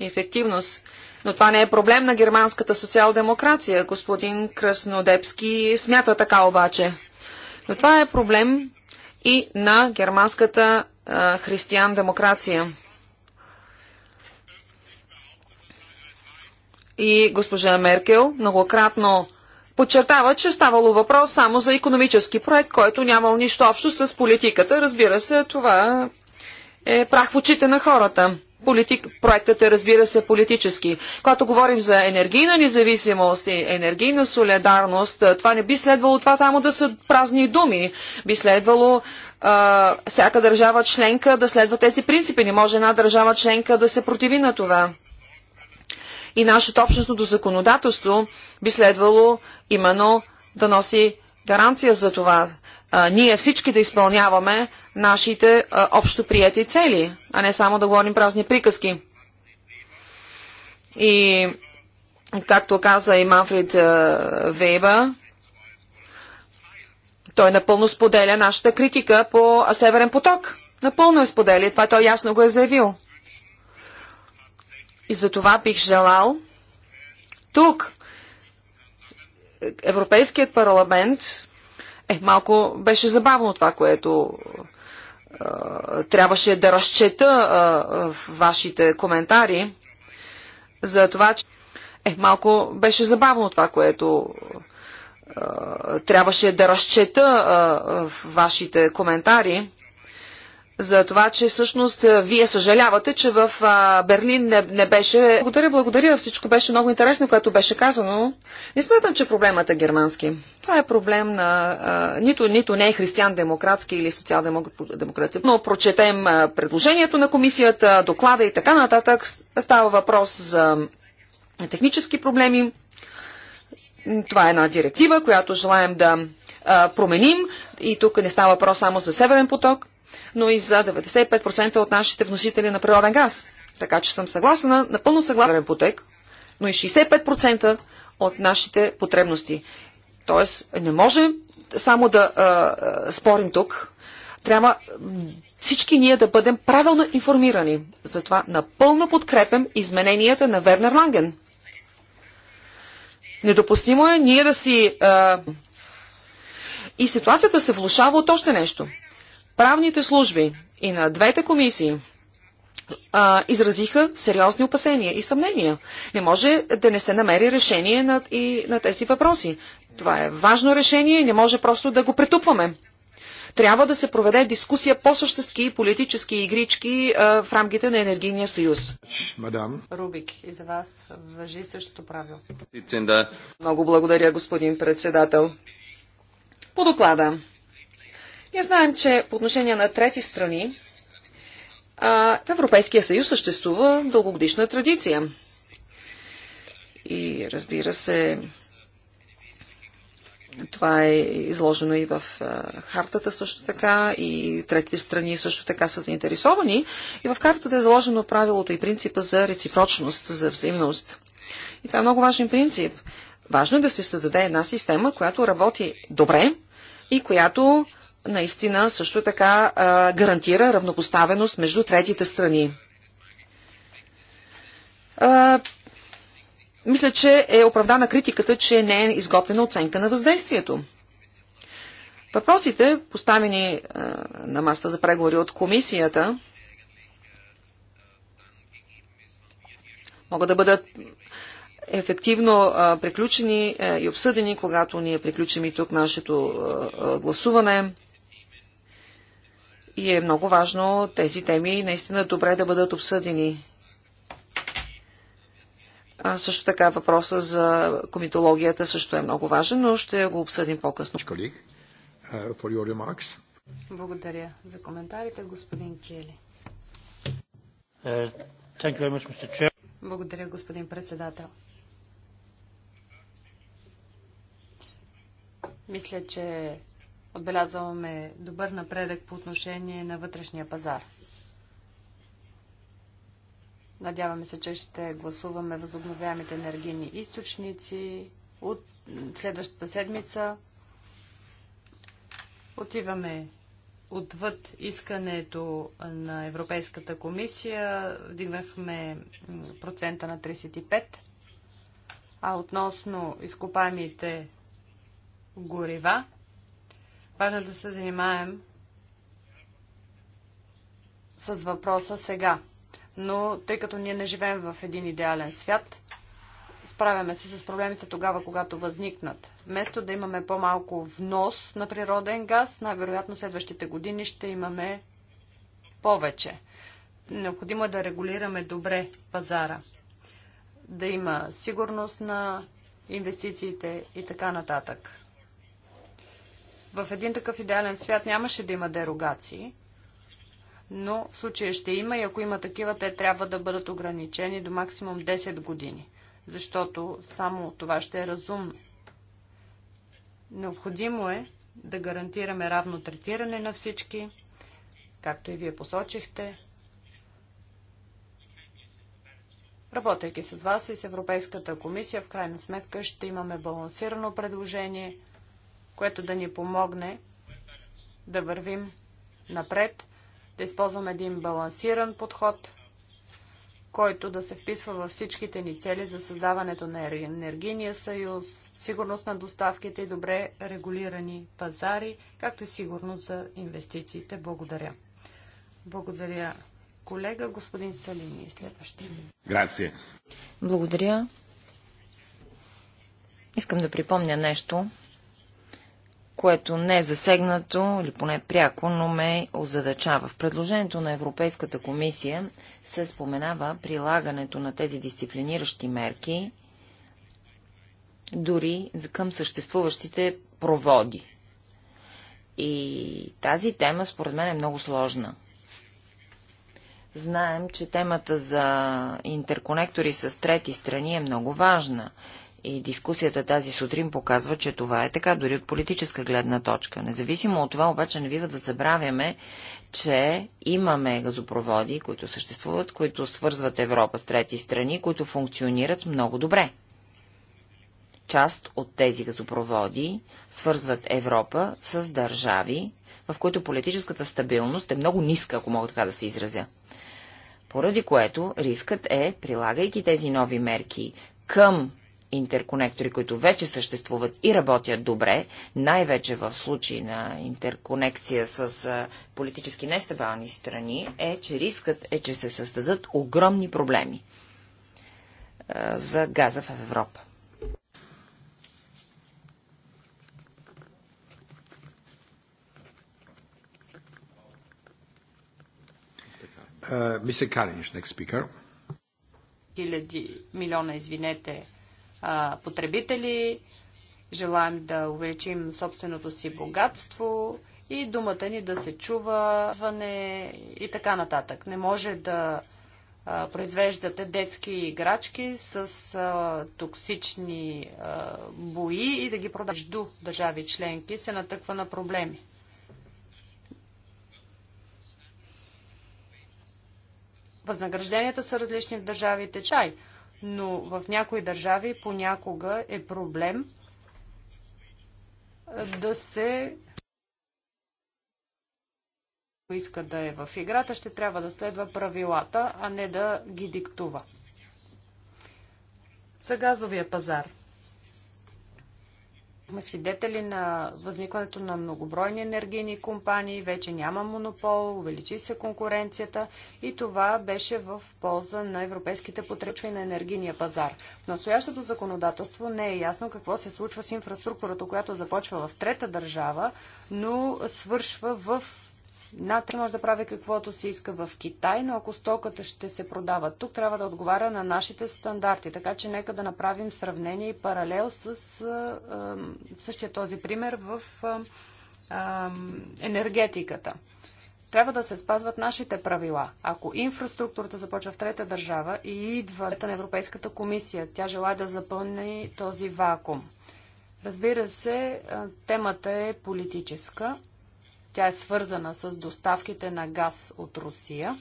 и ефективност но това не е проблем на германската социал-демокрация. Господин Краснодепски смята така обаче. Но това е проблем и на германската християн-демокрация. И госпожа Меркел многократно Подчертава, че ставало въпрос само за економически проект, който нямал нищо общо с политиката. Разбира се, това е прах в очите на хората. Политик... Проектът е, разбира се, политически. Когато говорим за енергийна независимост и енергийна солидарност, това не би следвало това само да са празни думи. Би следвало а, всяка държава членка да следва тези принципи. Не може една държава членка да се противи на това. И нашето общностното законодателство би следвало именно да носи гаранция за това а, ние всички да изпълняваме нашите а, общо прияти цели, а не само да говорим празни приказки. И както каза и Манфрид Вейба, той напълно споделя нашата критика по Северен поток. Напълно е споделя. Това той ясно го е заявил. И за това бих желал тук Европейският парламент е, малко беше забавно това, което е, трябваше да разчета е, в вашите коментари за това, че е, малко беше забавно това, което е, трябваше да разчета е, в вашите коментари за това, че всъщност вие съжалявате, че в Берлин не, не беше... Благодаря, благодаря. Всичко беше много интересно, което беше казано. Не смятам, че проблемът е германски. Това е проблем на... А, нито, нито не е християн-демократски или социал-демократски. Но прочетем предложението на комисията, доклада и така нататък. Става въпрос за технически проблеми. Това е една директива, която желаем да променим. И тук не става въпрос само за Северен поток но и за 95% от нашите вносители на природен газ. Така че съм съгласна, напълно съгласен потек, но и 65% от нашите потребности. Тоест, не може само да а, а, спорим тук. Трябва всички ние да бъдем правилно информирани. Затова напълно подкрепям измененията на Вернер Ланген. Недопустимо е ние да си... А... И ситуацията се влушава от още нещо – правните служби и на двете комисии а, изразиха сериозни опасения и съмнения. Не може да не се намери решение на, и на тези въпроси. Това е важно решение и не може просто да го претупваме. Трябва да се проведе дискусия по същестки и политически игрички а, в рамките на Енергийния съюз. Мадам. Рубик, и за вас въжи същото правило. Много благодаря, господин председател. По доклада. Ние знаем, че по отношение на трети страни а, в Европейския съюз съществува дългогодишна традиция. И разбира се, това е изложено и в а, хартата също така, и третите страни също така са заинтересовани. И в картата е заложено правилото и принципа за реципрочност, за взаимност. И това е много важен принцип. Важно е да се създаде една система, която работи добре и която наистина също така гарантира равнопоставеност между третите страни. мисля, че е оправдана критиката, че не е изготвена оценка на въздействието. Въпросите, поставени на маста за преговори от комисията, могат да бъдат ефективно приключени е, и обсъдени, когато ние приключим и тук нашето гласуване. И е много важно тези теми наистина добре да бъдат обсъдени. А също така въпроса за комитологията също е много важен, но ще го обсъдим по-късно. Благодаря за коментарите, господин Кели. Е, Благодаря, господин председател. Мисля, че Отбелязваме добър напредък по отношение на вътрешния пазар. Надяваме се, че ще гласуваме възобновяемите енергийни източници от следващата седмица. Отиваме отвъд искането на Европейската комисия. Вдигнахме процента на 35. А относно изкопаемите горива, Важно е да се занимаем с въпроса сега. Но тъй като ние не живеем в един идеален свят, справяме се с проблемите тогава, когато възникнат. Вместо да имаме по-малко внос на природен газ, най-вероятно следващите години ще имаме повече. Необходимо е да регулираме добре пазара, да има сигурност на инвестициите и така нататък. В един такъв идеален свят нямаше да има дерогации, но в случая ще има и ако има такива, те трябва да бъдат ограничени до максимум 10 години, защото само това ще е разумно. Необходимо е да гарантираме равно третиране на всички, както и вие посочихте. Работейки с вас и с Европейската комисия, в крайна сметка ще имаме балансирано предложение – което да ни помогне да вървим напред, да използваме един балансиран подход, който да се вписва във всичките ни цели за създаването на енергийния съюз, сигурност на доставките и добре регулирани пазари, както и сигурност за инвестициите. Благодаря. Благодаря, колега. Господин Салини, следващи. Грация. Благодаря. Искам да припомня нещо, което не е засегнато, или поне пряко, но ме озадачава. В предложението на Европейската комисия се споменава прилагането на тези дисциплиниращи мерки дори към съществуващите проводи. И тази тема, според мен, е много сложна. Знаем, че темата за интерконектори с трети страни е много важна. И дискусията тази сутрин показва, че това е така, дори от политическа гледна точка. Независимо от това, обаче не бива да забравяме, че имаме газопроводи, които съществуват, които свързват Европа с трети страни, които функционират много добре. Част от тези газопроводи свързват Европа с държави, в които политическата стабилност е много ниска, ако мога така да се изразя. Поради което рискът е, прилагайки тези нови мерки към интерконектори, които вече съществуват и работят добре, най-вече в случай на интерконекция с политически нестабални страни, е, че рискът е, че се създадат огромни проблеми за газа в Европа. Мисля Каринш, next speaker. Хиляди милиона, извинете, а, потребители, желаем да увеличим собственото си богатство и думата ни да се чува и така нататък. Не може да а, произвеждате детски играчки с а, токсични а, бои и да ги продаваш до държави членки, се натъква на проблеми. Възнагражденията са различни в държавите чай но в някои държави понякога е проблем да се иска да е в играта, ще трябва да следва правилата, а не да ги диктува. За газовия пазар – сме свидетели на възникването на многобройни енергийни компании, вече няма монопол, увеличи се конкуренцията и това беше в полза на европейските потребители на енергийния пазар. В настоящото законодателство не е ясно какво се случва с инфраструктурата, която започва в трета държава, но свършва в Натри може да прави каквото си иска в Китай, но ако стоката ще се продава тук, трябва да отговаря на нашите стандарти. Така че нека да направим сравнение и паралел с същия този пример в енергетиката. Трябва да се спазват нашите правила. Ако инфраструктурата започва в трета държава и идва на Европейската комисия, тя желая да запълни този вакуум. Разбира се, темата е политическа тя е свързана с доставките на газ от Русия.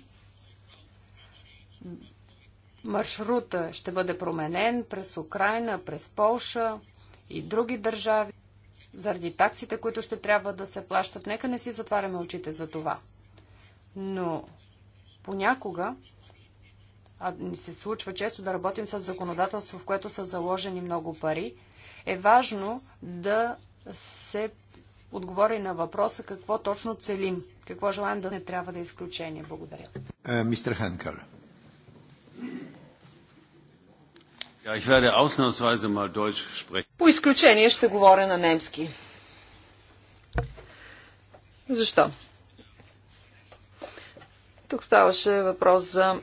Маршрута ще бъде променен през Украина, през Полша и други държави. Заради таксите, които ще трябва да се плащат, нека не си затваряме очите за това. Но понякога а ни се случва често да работим с законодателство, в което са заложени много пари, е важно да се отговори на въпроса какво точно целим, какво желаем да не трябва да е изключение. Благодаря. Е, мистер Ханкъл. По изключение ще говоря на немски. Защо? Тук ставаше въпрос за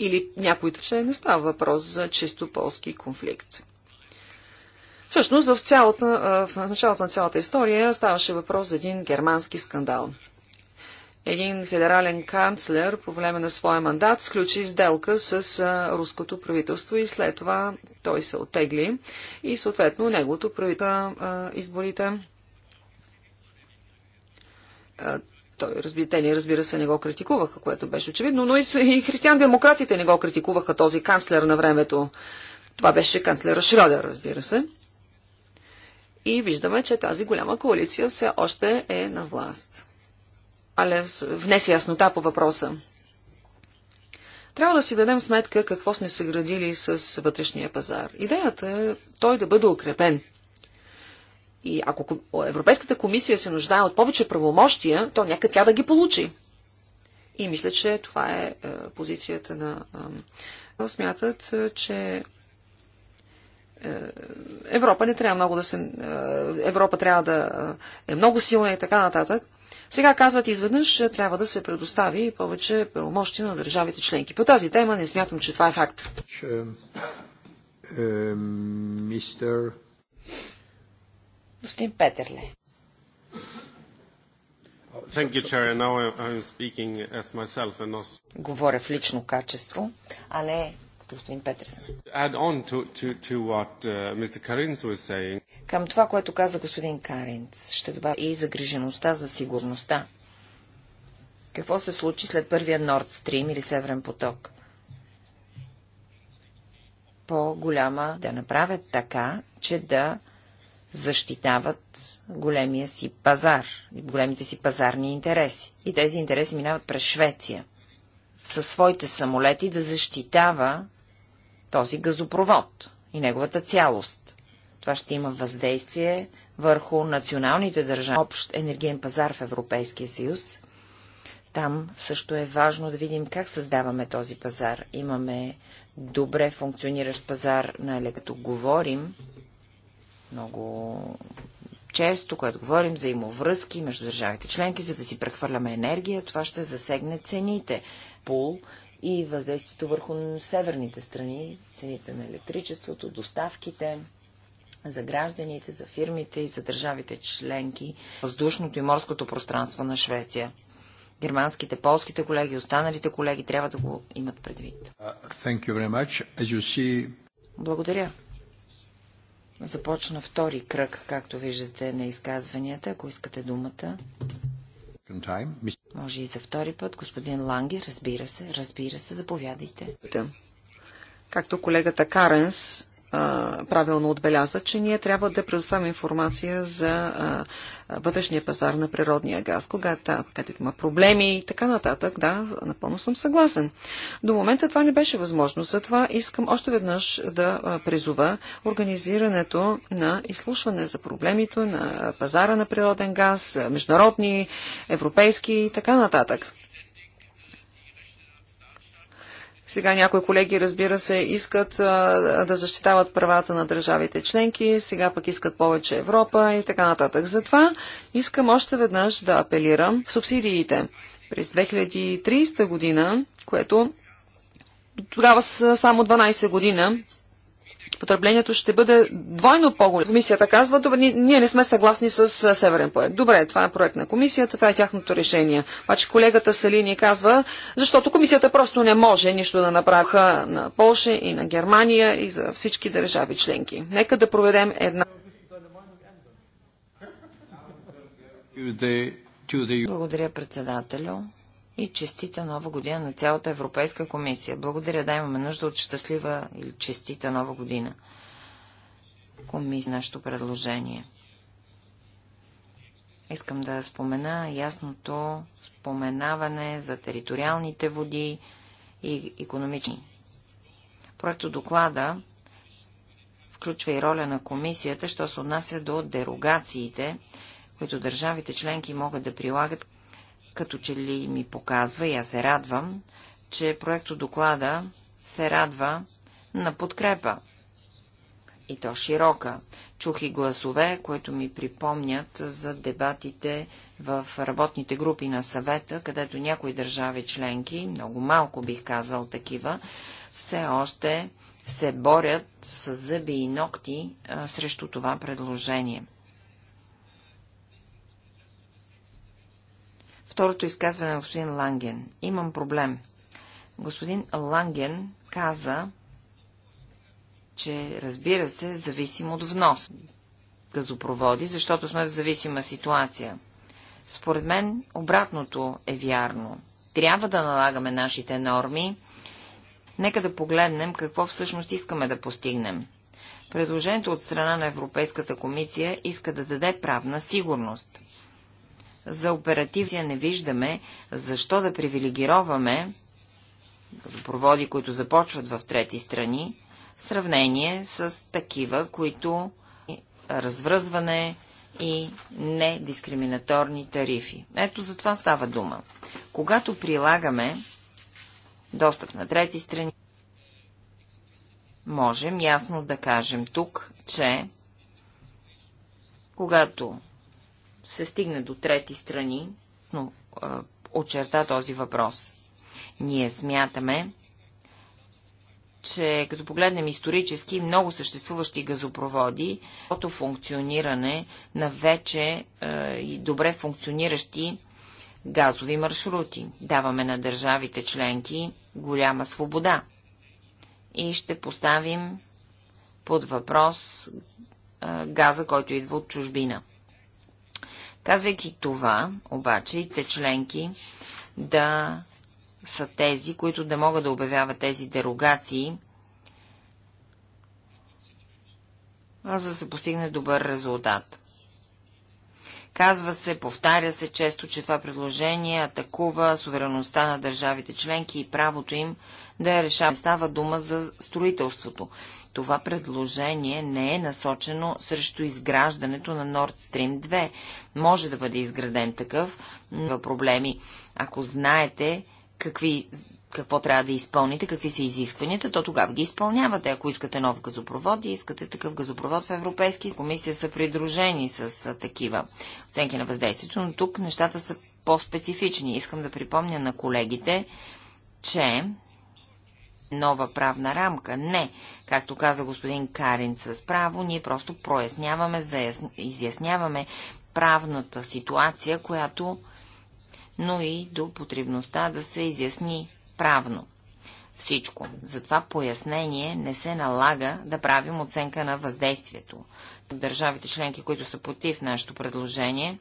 или някой че не става въпрос за чисто полски конфликт. Всъщност в, цялата, в началото на цялата история ставаше въпрос за един германски скандал. Един федерален канцлер по време на своя мандат сключи сделка с а, руското правителство и след това той се отегли и съответно неговото правителство изборите. А, той, разби, те ни, разбира се, не го критикуваха, което беше очевидно, но и, и християн-демократите не го критикуваха този канцлер на времето. Това беше канцлера Шрадер, разбира се. И виждаме, че тази голяма коалиция все още е на власт. Але внесе яснота по въпроса. Трябва да си дадем сметка какво сме съградили с вътрешния пазар. Идеята е той да бъде укрепен. И ако Европейската комисия се нуждае от повече правомощия, то някак тя да ги получи. И мисля, че това е, е позицията на. Смятат, е, че е, Европа не трябва много да се... Е, Европа трябва да е, е много силна и така нататък. Сега казват изведнъж, трябва да се предостави повече правомощи на държавите членки. По тази тема не смятам, че това е факт. Мистер... Господин Петерле. Говоря в лично качество, а не господин Петерсън. Uh, Към това, което каза господин Каринц, ще добавя и загрижеността за сигурността. Какво се случи след първия Nord Stream или Северен поток? По-голяма да направят така, че да защитават големия си пазар, големите си пазарни интереси. И тези интереси минават през Швеция. Със своите самолети да защитава този газопровод и неговата цялост. Това ще има въздействие върху националните държави, общ енергиен пазар в Европейския съюз. Там също е важно да видим как създаваме този пазар. Имаме добре функциониращ пазар на електрото. Говорим много често, когато говорим за имовръзки между държавите членки, за да си прехвърляме енергия, това ще засегне цените. Пул и въздействието върху северните страни, цените на електричеството, доставките за гражданите, за фирмите и за държавите членки, въздушното и морското пространство на Швеция. Германските, полските колеги, останалите колеги трябва да го имат предвид. Uh, see... Благодаря. Започна втори кръг, както виждате, на изказванията. Ако искате думата. Time. Може и за втори път. Господин Ланги, разбира се, разбира се, заповядайте. Да. Както колегата Каренс, правилно отбеляза, че ние трябва да предоставим информация за вътрешния пазар на природния газ, когато, когато има проблеми и така нататък. Да, напълно съм съгласен. До момента това не беше възможно. Затова искам още веднъж да призова организирането на изслушване за проблемите на пазара на природен газ, международни, европейски и така нататък. Сега някои колеги, разбира се, искат а, да защитават правата на държавите членки, сега пък искат повече Европа и така нататък. Затова искам още веднъж да апелирам в субсидиите през 2030 година, което тогава са само 12 година, потреблението ще бъде двойно по-голямо. Комисията казва, добре, ние не сме съгласни с Северен проект. Добре, това е проект на комисията, това е тяхното решение. Обаче колегата Салини казва, защото комисията просто не може нищо да направиха на Польша и на Германия и за всички държави членки. Нека да проведем една... Благодаря, председателю и честита нова година на цялата Европейска комисия. Благодаря да имаме нужда от щастлива или честита нова година. Комисия нашето предложение. Искам да спомена ясното споменаване за териториалните води и економични. Проекто доклада включва и роля на комисията, що се отнася до дерогациите, които държавите членки могат да прилагат като че ли ми показва, и аз се радвам, че проекто доклада се радва на подкрепа. И то широка. Чух и гласове, които ми припомнят за дебатите в работните групи на съвета, където някои държави членки, много малко бих казал такива, все още се борят с зъби и ногти а, срещу това предложение. Второто изказване на господин Ланген. Имам проблем. Господин Ланген каза, че разбира се, зависим от внос газопроводи, защото сме в зависима ситуация. Според мен обратното е вярно. Трябва да налагаме нашите норми. Нека да погледнем какво всъщност искаме да постигнем. Предложението от страна на Европейската комисия иска да даде правна сигурност – за оперативция не виждаме защо да привилегироваме водопроводи, които започват в трети страни, в сравнение с такива, които развръзване и недискриминаторни тарифи. Ето за това става дума. Когато прилагаме достъп на трети страни, можем ясно да кажем тук, че когато се стигне до трети страни, но а, очерта този въпрос. Ние смятаме, че като погледнем исторически много съществуващи газопроводи като функциониране на вече е, и добре функциониращи газови маршрути. Даваме на държавите членки голяма свобода и ще поставим под въпрос е, газа, който идва от чужбина. Казвайки това, обаче, и те членки да са тези, които да могат да обявяват тези дерогации, за да се постигне добър резултат. Казва се, повтаря се често, че това предложение атакува сувереността на държавите членки и правото им да решава. Не Става дума за строителството. Това предложение не е насочено срещу изграждането на Nord Stream 2. Може да бъде изграден такъв но проблеми. Ако знаете какви какво трябва да изпълните, какви са изискванията, то тогава ги изпълнявате. Ако искате нов газопровод и искате такъв газопровод в Европейски комисия са придружени с такива оценки на въздействието, но тук нещата са по-специфични. Искам да припомня на колегите, че нова правна рамка. Не, както каза господин Карин с право, ние просто проясняваме, изясняваме правната ситуация, която, но и до потребността да се изясни правно всичко. Затова пояснение не се налага да правим оценка на въздействието. Държавите членки, които са против нашето предложение,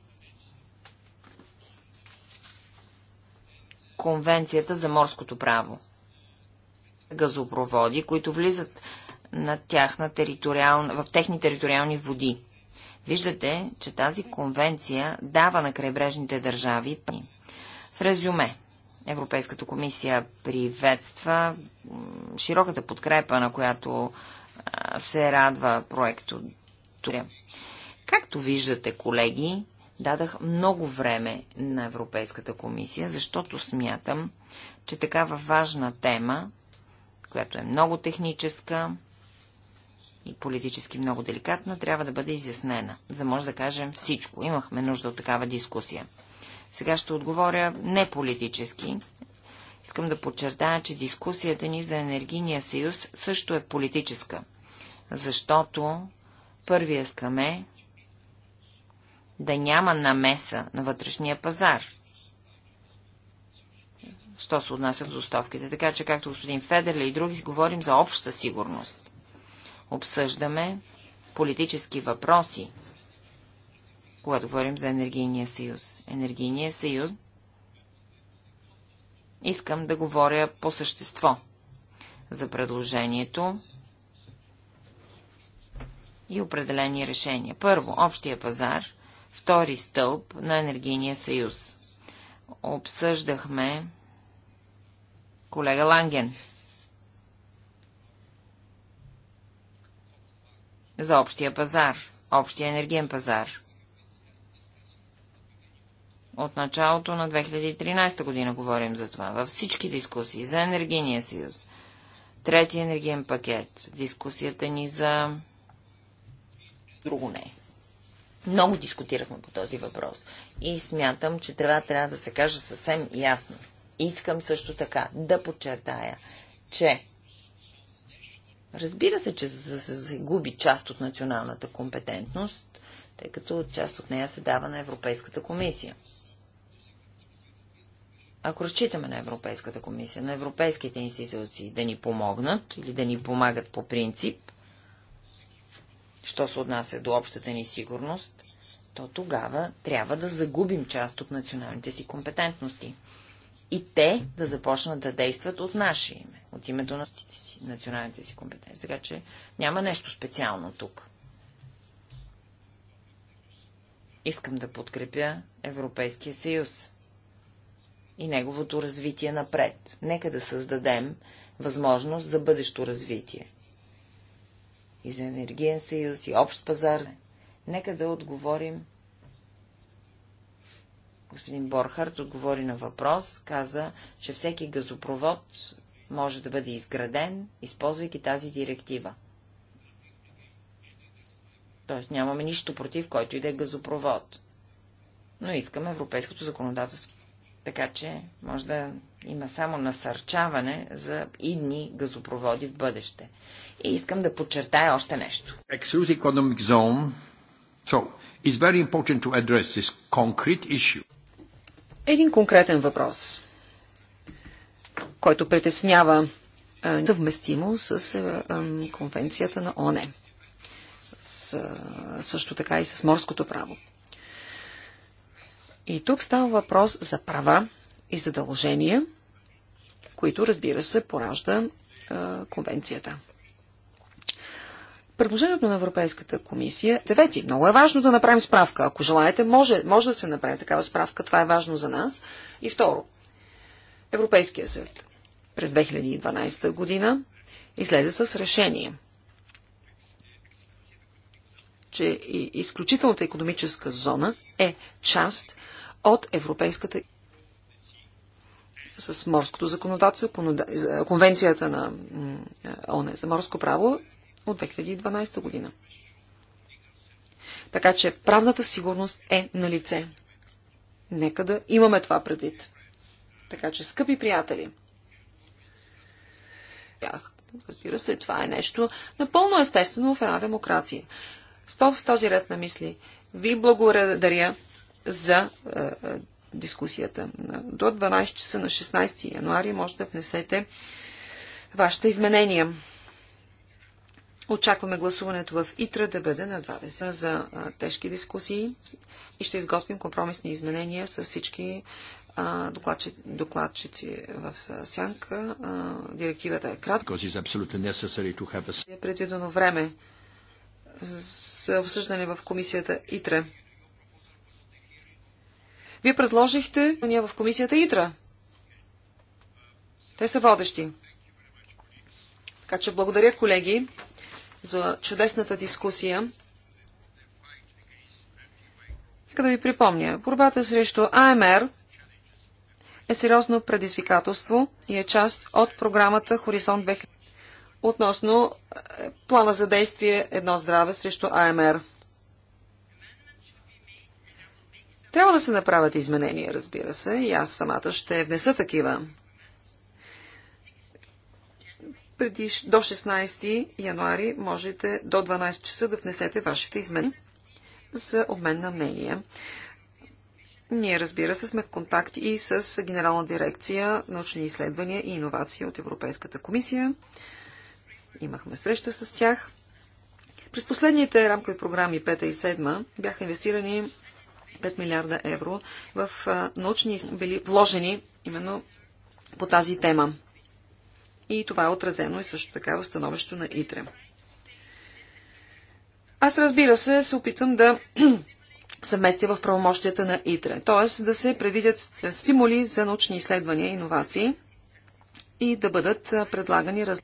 Конвенцията за морското право газопроводи, които влизат на тяхна териториал... в техни териториални води. Виждате, че тази конвенция дава на крайбрежните държави В резюме, Европейската комисия приветства широката подкрепа, на която се радва проекто. Както виждате, колеги, дадах много време на Европейската комисия, защото смятам, че такава важна тема която е много техническа и политически много деликатна, трябва да бъде изяснена, за може да кажем всичко. Имахме нужда от такава дискусия. Сега ще отговоря не политически. Искам да подчертая, че дискусията ни за енергийния съюз също е политическа, защото първия скаме е да няма намеса на вътрешния пазар – що се отнася до доставките. Така че, както господин Федерле и други, говорим за обща сигурност. Обсъждаме политически въпроси, когато говорим за енергийния съюз. Енергийния съюз искам да говоря по същество за предложението и определени решения. Първо, общия пазар, втори стълб на енергийния съюз. Обсъждахме Колега Ланген. За общия пазар, общия енергиен пазар. От началото на 2013 година говорим за това. Във всички дискусии за енергийния съюз, трети енергиен пакет, дискусията ни за... Друго не Много дискутирахме по този въпрос. И смятам, че трябва, трябва да се каже съвсем ясно – Искам също така да подчертая, че разбира се, че се загуби част от националната компетентност, тъй като част от нея се дава на Европейската комисия. Ако разчитаме на Европейската комисия, на европейските институции да ни помогнат или да ни помагат по принцип, що се отнася до общата ни сигурност, то тогава трябва да загубим част от националните си компетентности и те да започнат да действат от наше име, от името на си, националните си компетенции. Така че няма нещо специално тук. Искам да подкрепя Европейския съюз и неговото развитие напред. Нека да създадем възможност за бъдещо развитие. И за енергиен съюз, и общ пазар. Нека да отговорим господин Борхарт отговори на въпрос, каза, че всеки газопровод може да бъде изграден, използвайки тази директива. Тоест нямаме нищо против, който и да е газопровод. Но искаме европейското законодателство. Така че може да има само насърчаване за идни газопроводи в бъдеще. И искам да подчертая още нещо. So, it's very important to address this concrete issue. Един конкретен въпрос, който притеснява е, съвместимо с е, е, конвенцията на ОНЕ, с, е, също така и с морското право. И тук става въпрос за права и задължения, които, разбира се, поражда конвенцията. Предложението на Европейската комисия, девети, много е важно да направим справка. Ако желаете, може, може да се направи такава справка, това е важно за нас. И второ, Европейския съвет през 2012 година излезе с решение, че изключителната економическа зона е част от Европейската с морското законодателство, конвенцията на е, ОНЕ за морско право от 2012 година. Така че правната сигурност е на лице. Нека да имаме това предвид. Така че, скъпи приятели, Разбира се, това е нещо напълно естествено в една демокрация. Стоп в този ред на мисли. Ви благодаря за е, е дискусията. До 12 часа на 16 януари може да внесете вашите изменения. Очакваме гласуването в ИТРА да бъде на 20 за тежки дискусии и ще изготвим компромисни изменения с всички докладчици в сянка. директивата е кратка. Е предвидено време за обсъждане в комисията ИТРА. Вие предложихте ние в комисията ИТРА. Те са водещи. Така че благодаря, колеги за чудесната дискусия. Нека да ви припомня. Борбата срещу АМР е сериозно предизвикателство и е част от програмата Хоризонт 2000 относно е, плана за действие Едно здраве срещу АМР. Трябва да се направят изменения, разбира се, и аз самата ще внеса такива преди, до 16 януари можете до 12 часа да внесете вашите измени за обмен на мнение. Ние, разбира се, сме в контакт и с Генерална дирекция научни изследвания и иновации от Европейската комисия. Имахме среща с тях. През последните рамкови програми 5 и 7 бяха инвестирани 5 милиарда евро в научни били вложени именно по тази тема. И това е отразено и също така в становището на ИТРЕ. Аз разбира се, се опитвам да съвместя в правомощията на ИТРЕ, т.е. да се предвидят е, стимули за научни изследвания и иновации и да бъдат е, предлагани раз...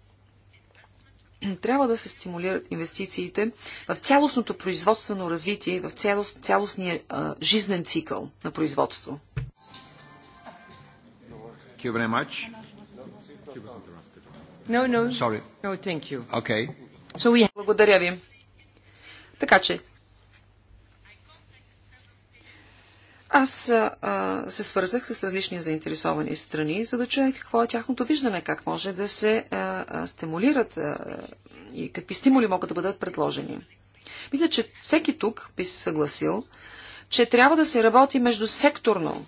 Трябва да се стимулират инвестициите в цялостното производствено развитие в цялост, цялостния а, е, жизнен цикъл на производство. Thank you very much. No, no. Sorry. No, thank you. Okay. So we... Благодаря ви. Така че, Аз а, се свързах с различни заинтересовани страни, за да чуя какво е тяхното виждане, как може да се а, а, стимулират а, и какви стимули могат да бъдат предложени. Мисля, че всеки тук би се съгласил, че трябва да се работи между секторно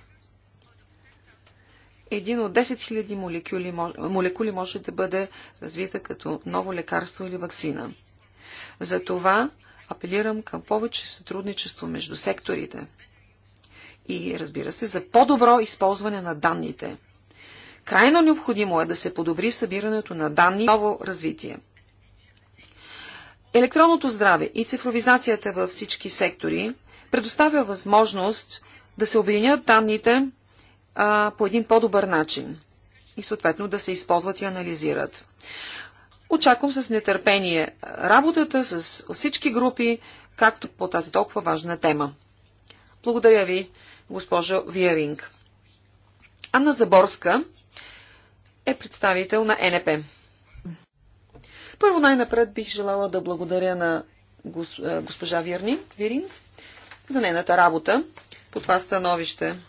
един от 10 000 молекули, молекули може да бъде развита като ново лекарство или вакцина. Затова апелирам към повече сътрудничество между секторите и, разбира се, за по-добро използване на данните. Крайно необходимо е да се подобри събирането на данни ново развитие. Електронното здраве и цифровизацията във всички сектори предоставя възможност да се обединят данните а, по един по-добър начин и съответно да се използват и анализират. Очаквам с нетърпение работата с всички групи, както по тази толкова важна тема. Благодаря ви, госпожо Виеринг. Анна Заборска е представител на НП. Е. Първо най-напред бих желала да благодаря на госпожа Вирник, Виринг за нейната работа по това становище.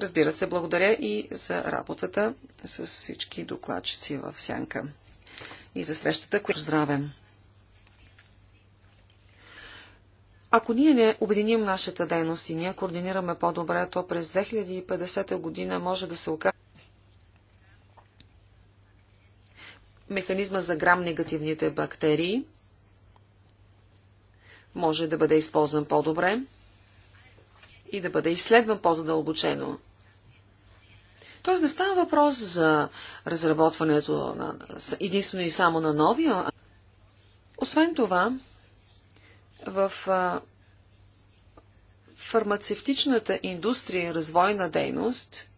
Разбира се, благодаря и за работата с всички докладчици в Сянка и за срещата, която здраве. Ако ние не обединим нашата дейност и ние координираме по-добре, то през 2050 година може да се окаже механизма за грам-негативните бактерии може да бъде използван по-добре и да бъде изследван по-задълбочено. Тоест не става въпрос за разработването на, единствено и само на новия. Освен това, в а, фармацевтичната индустрия и развойна дейност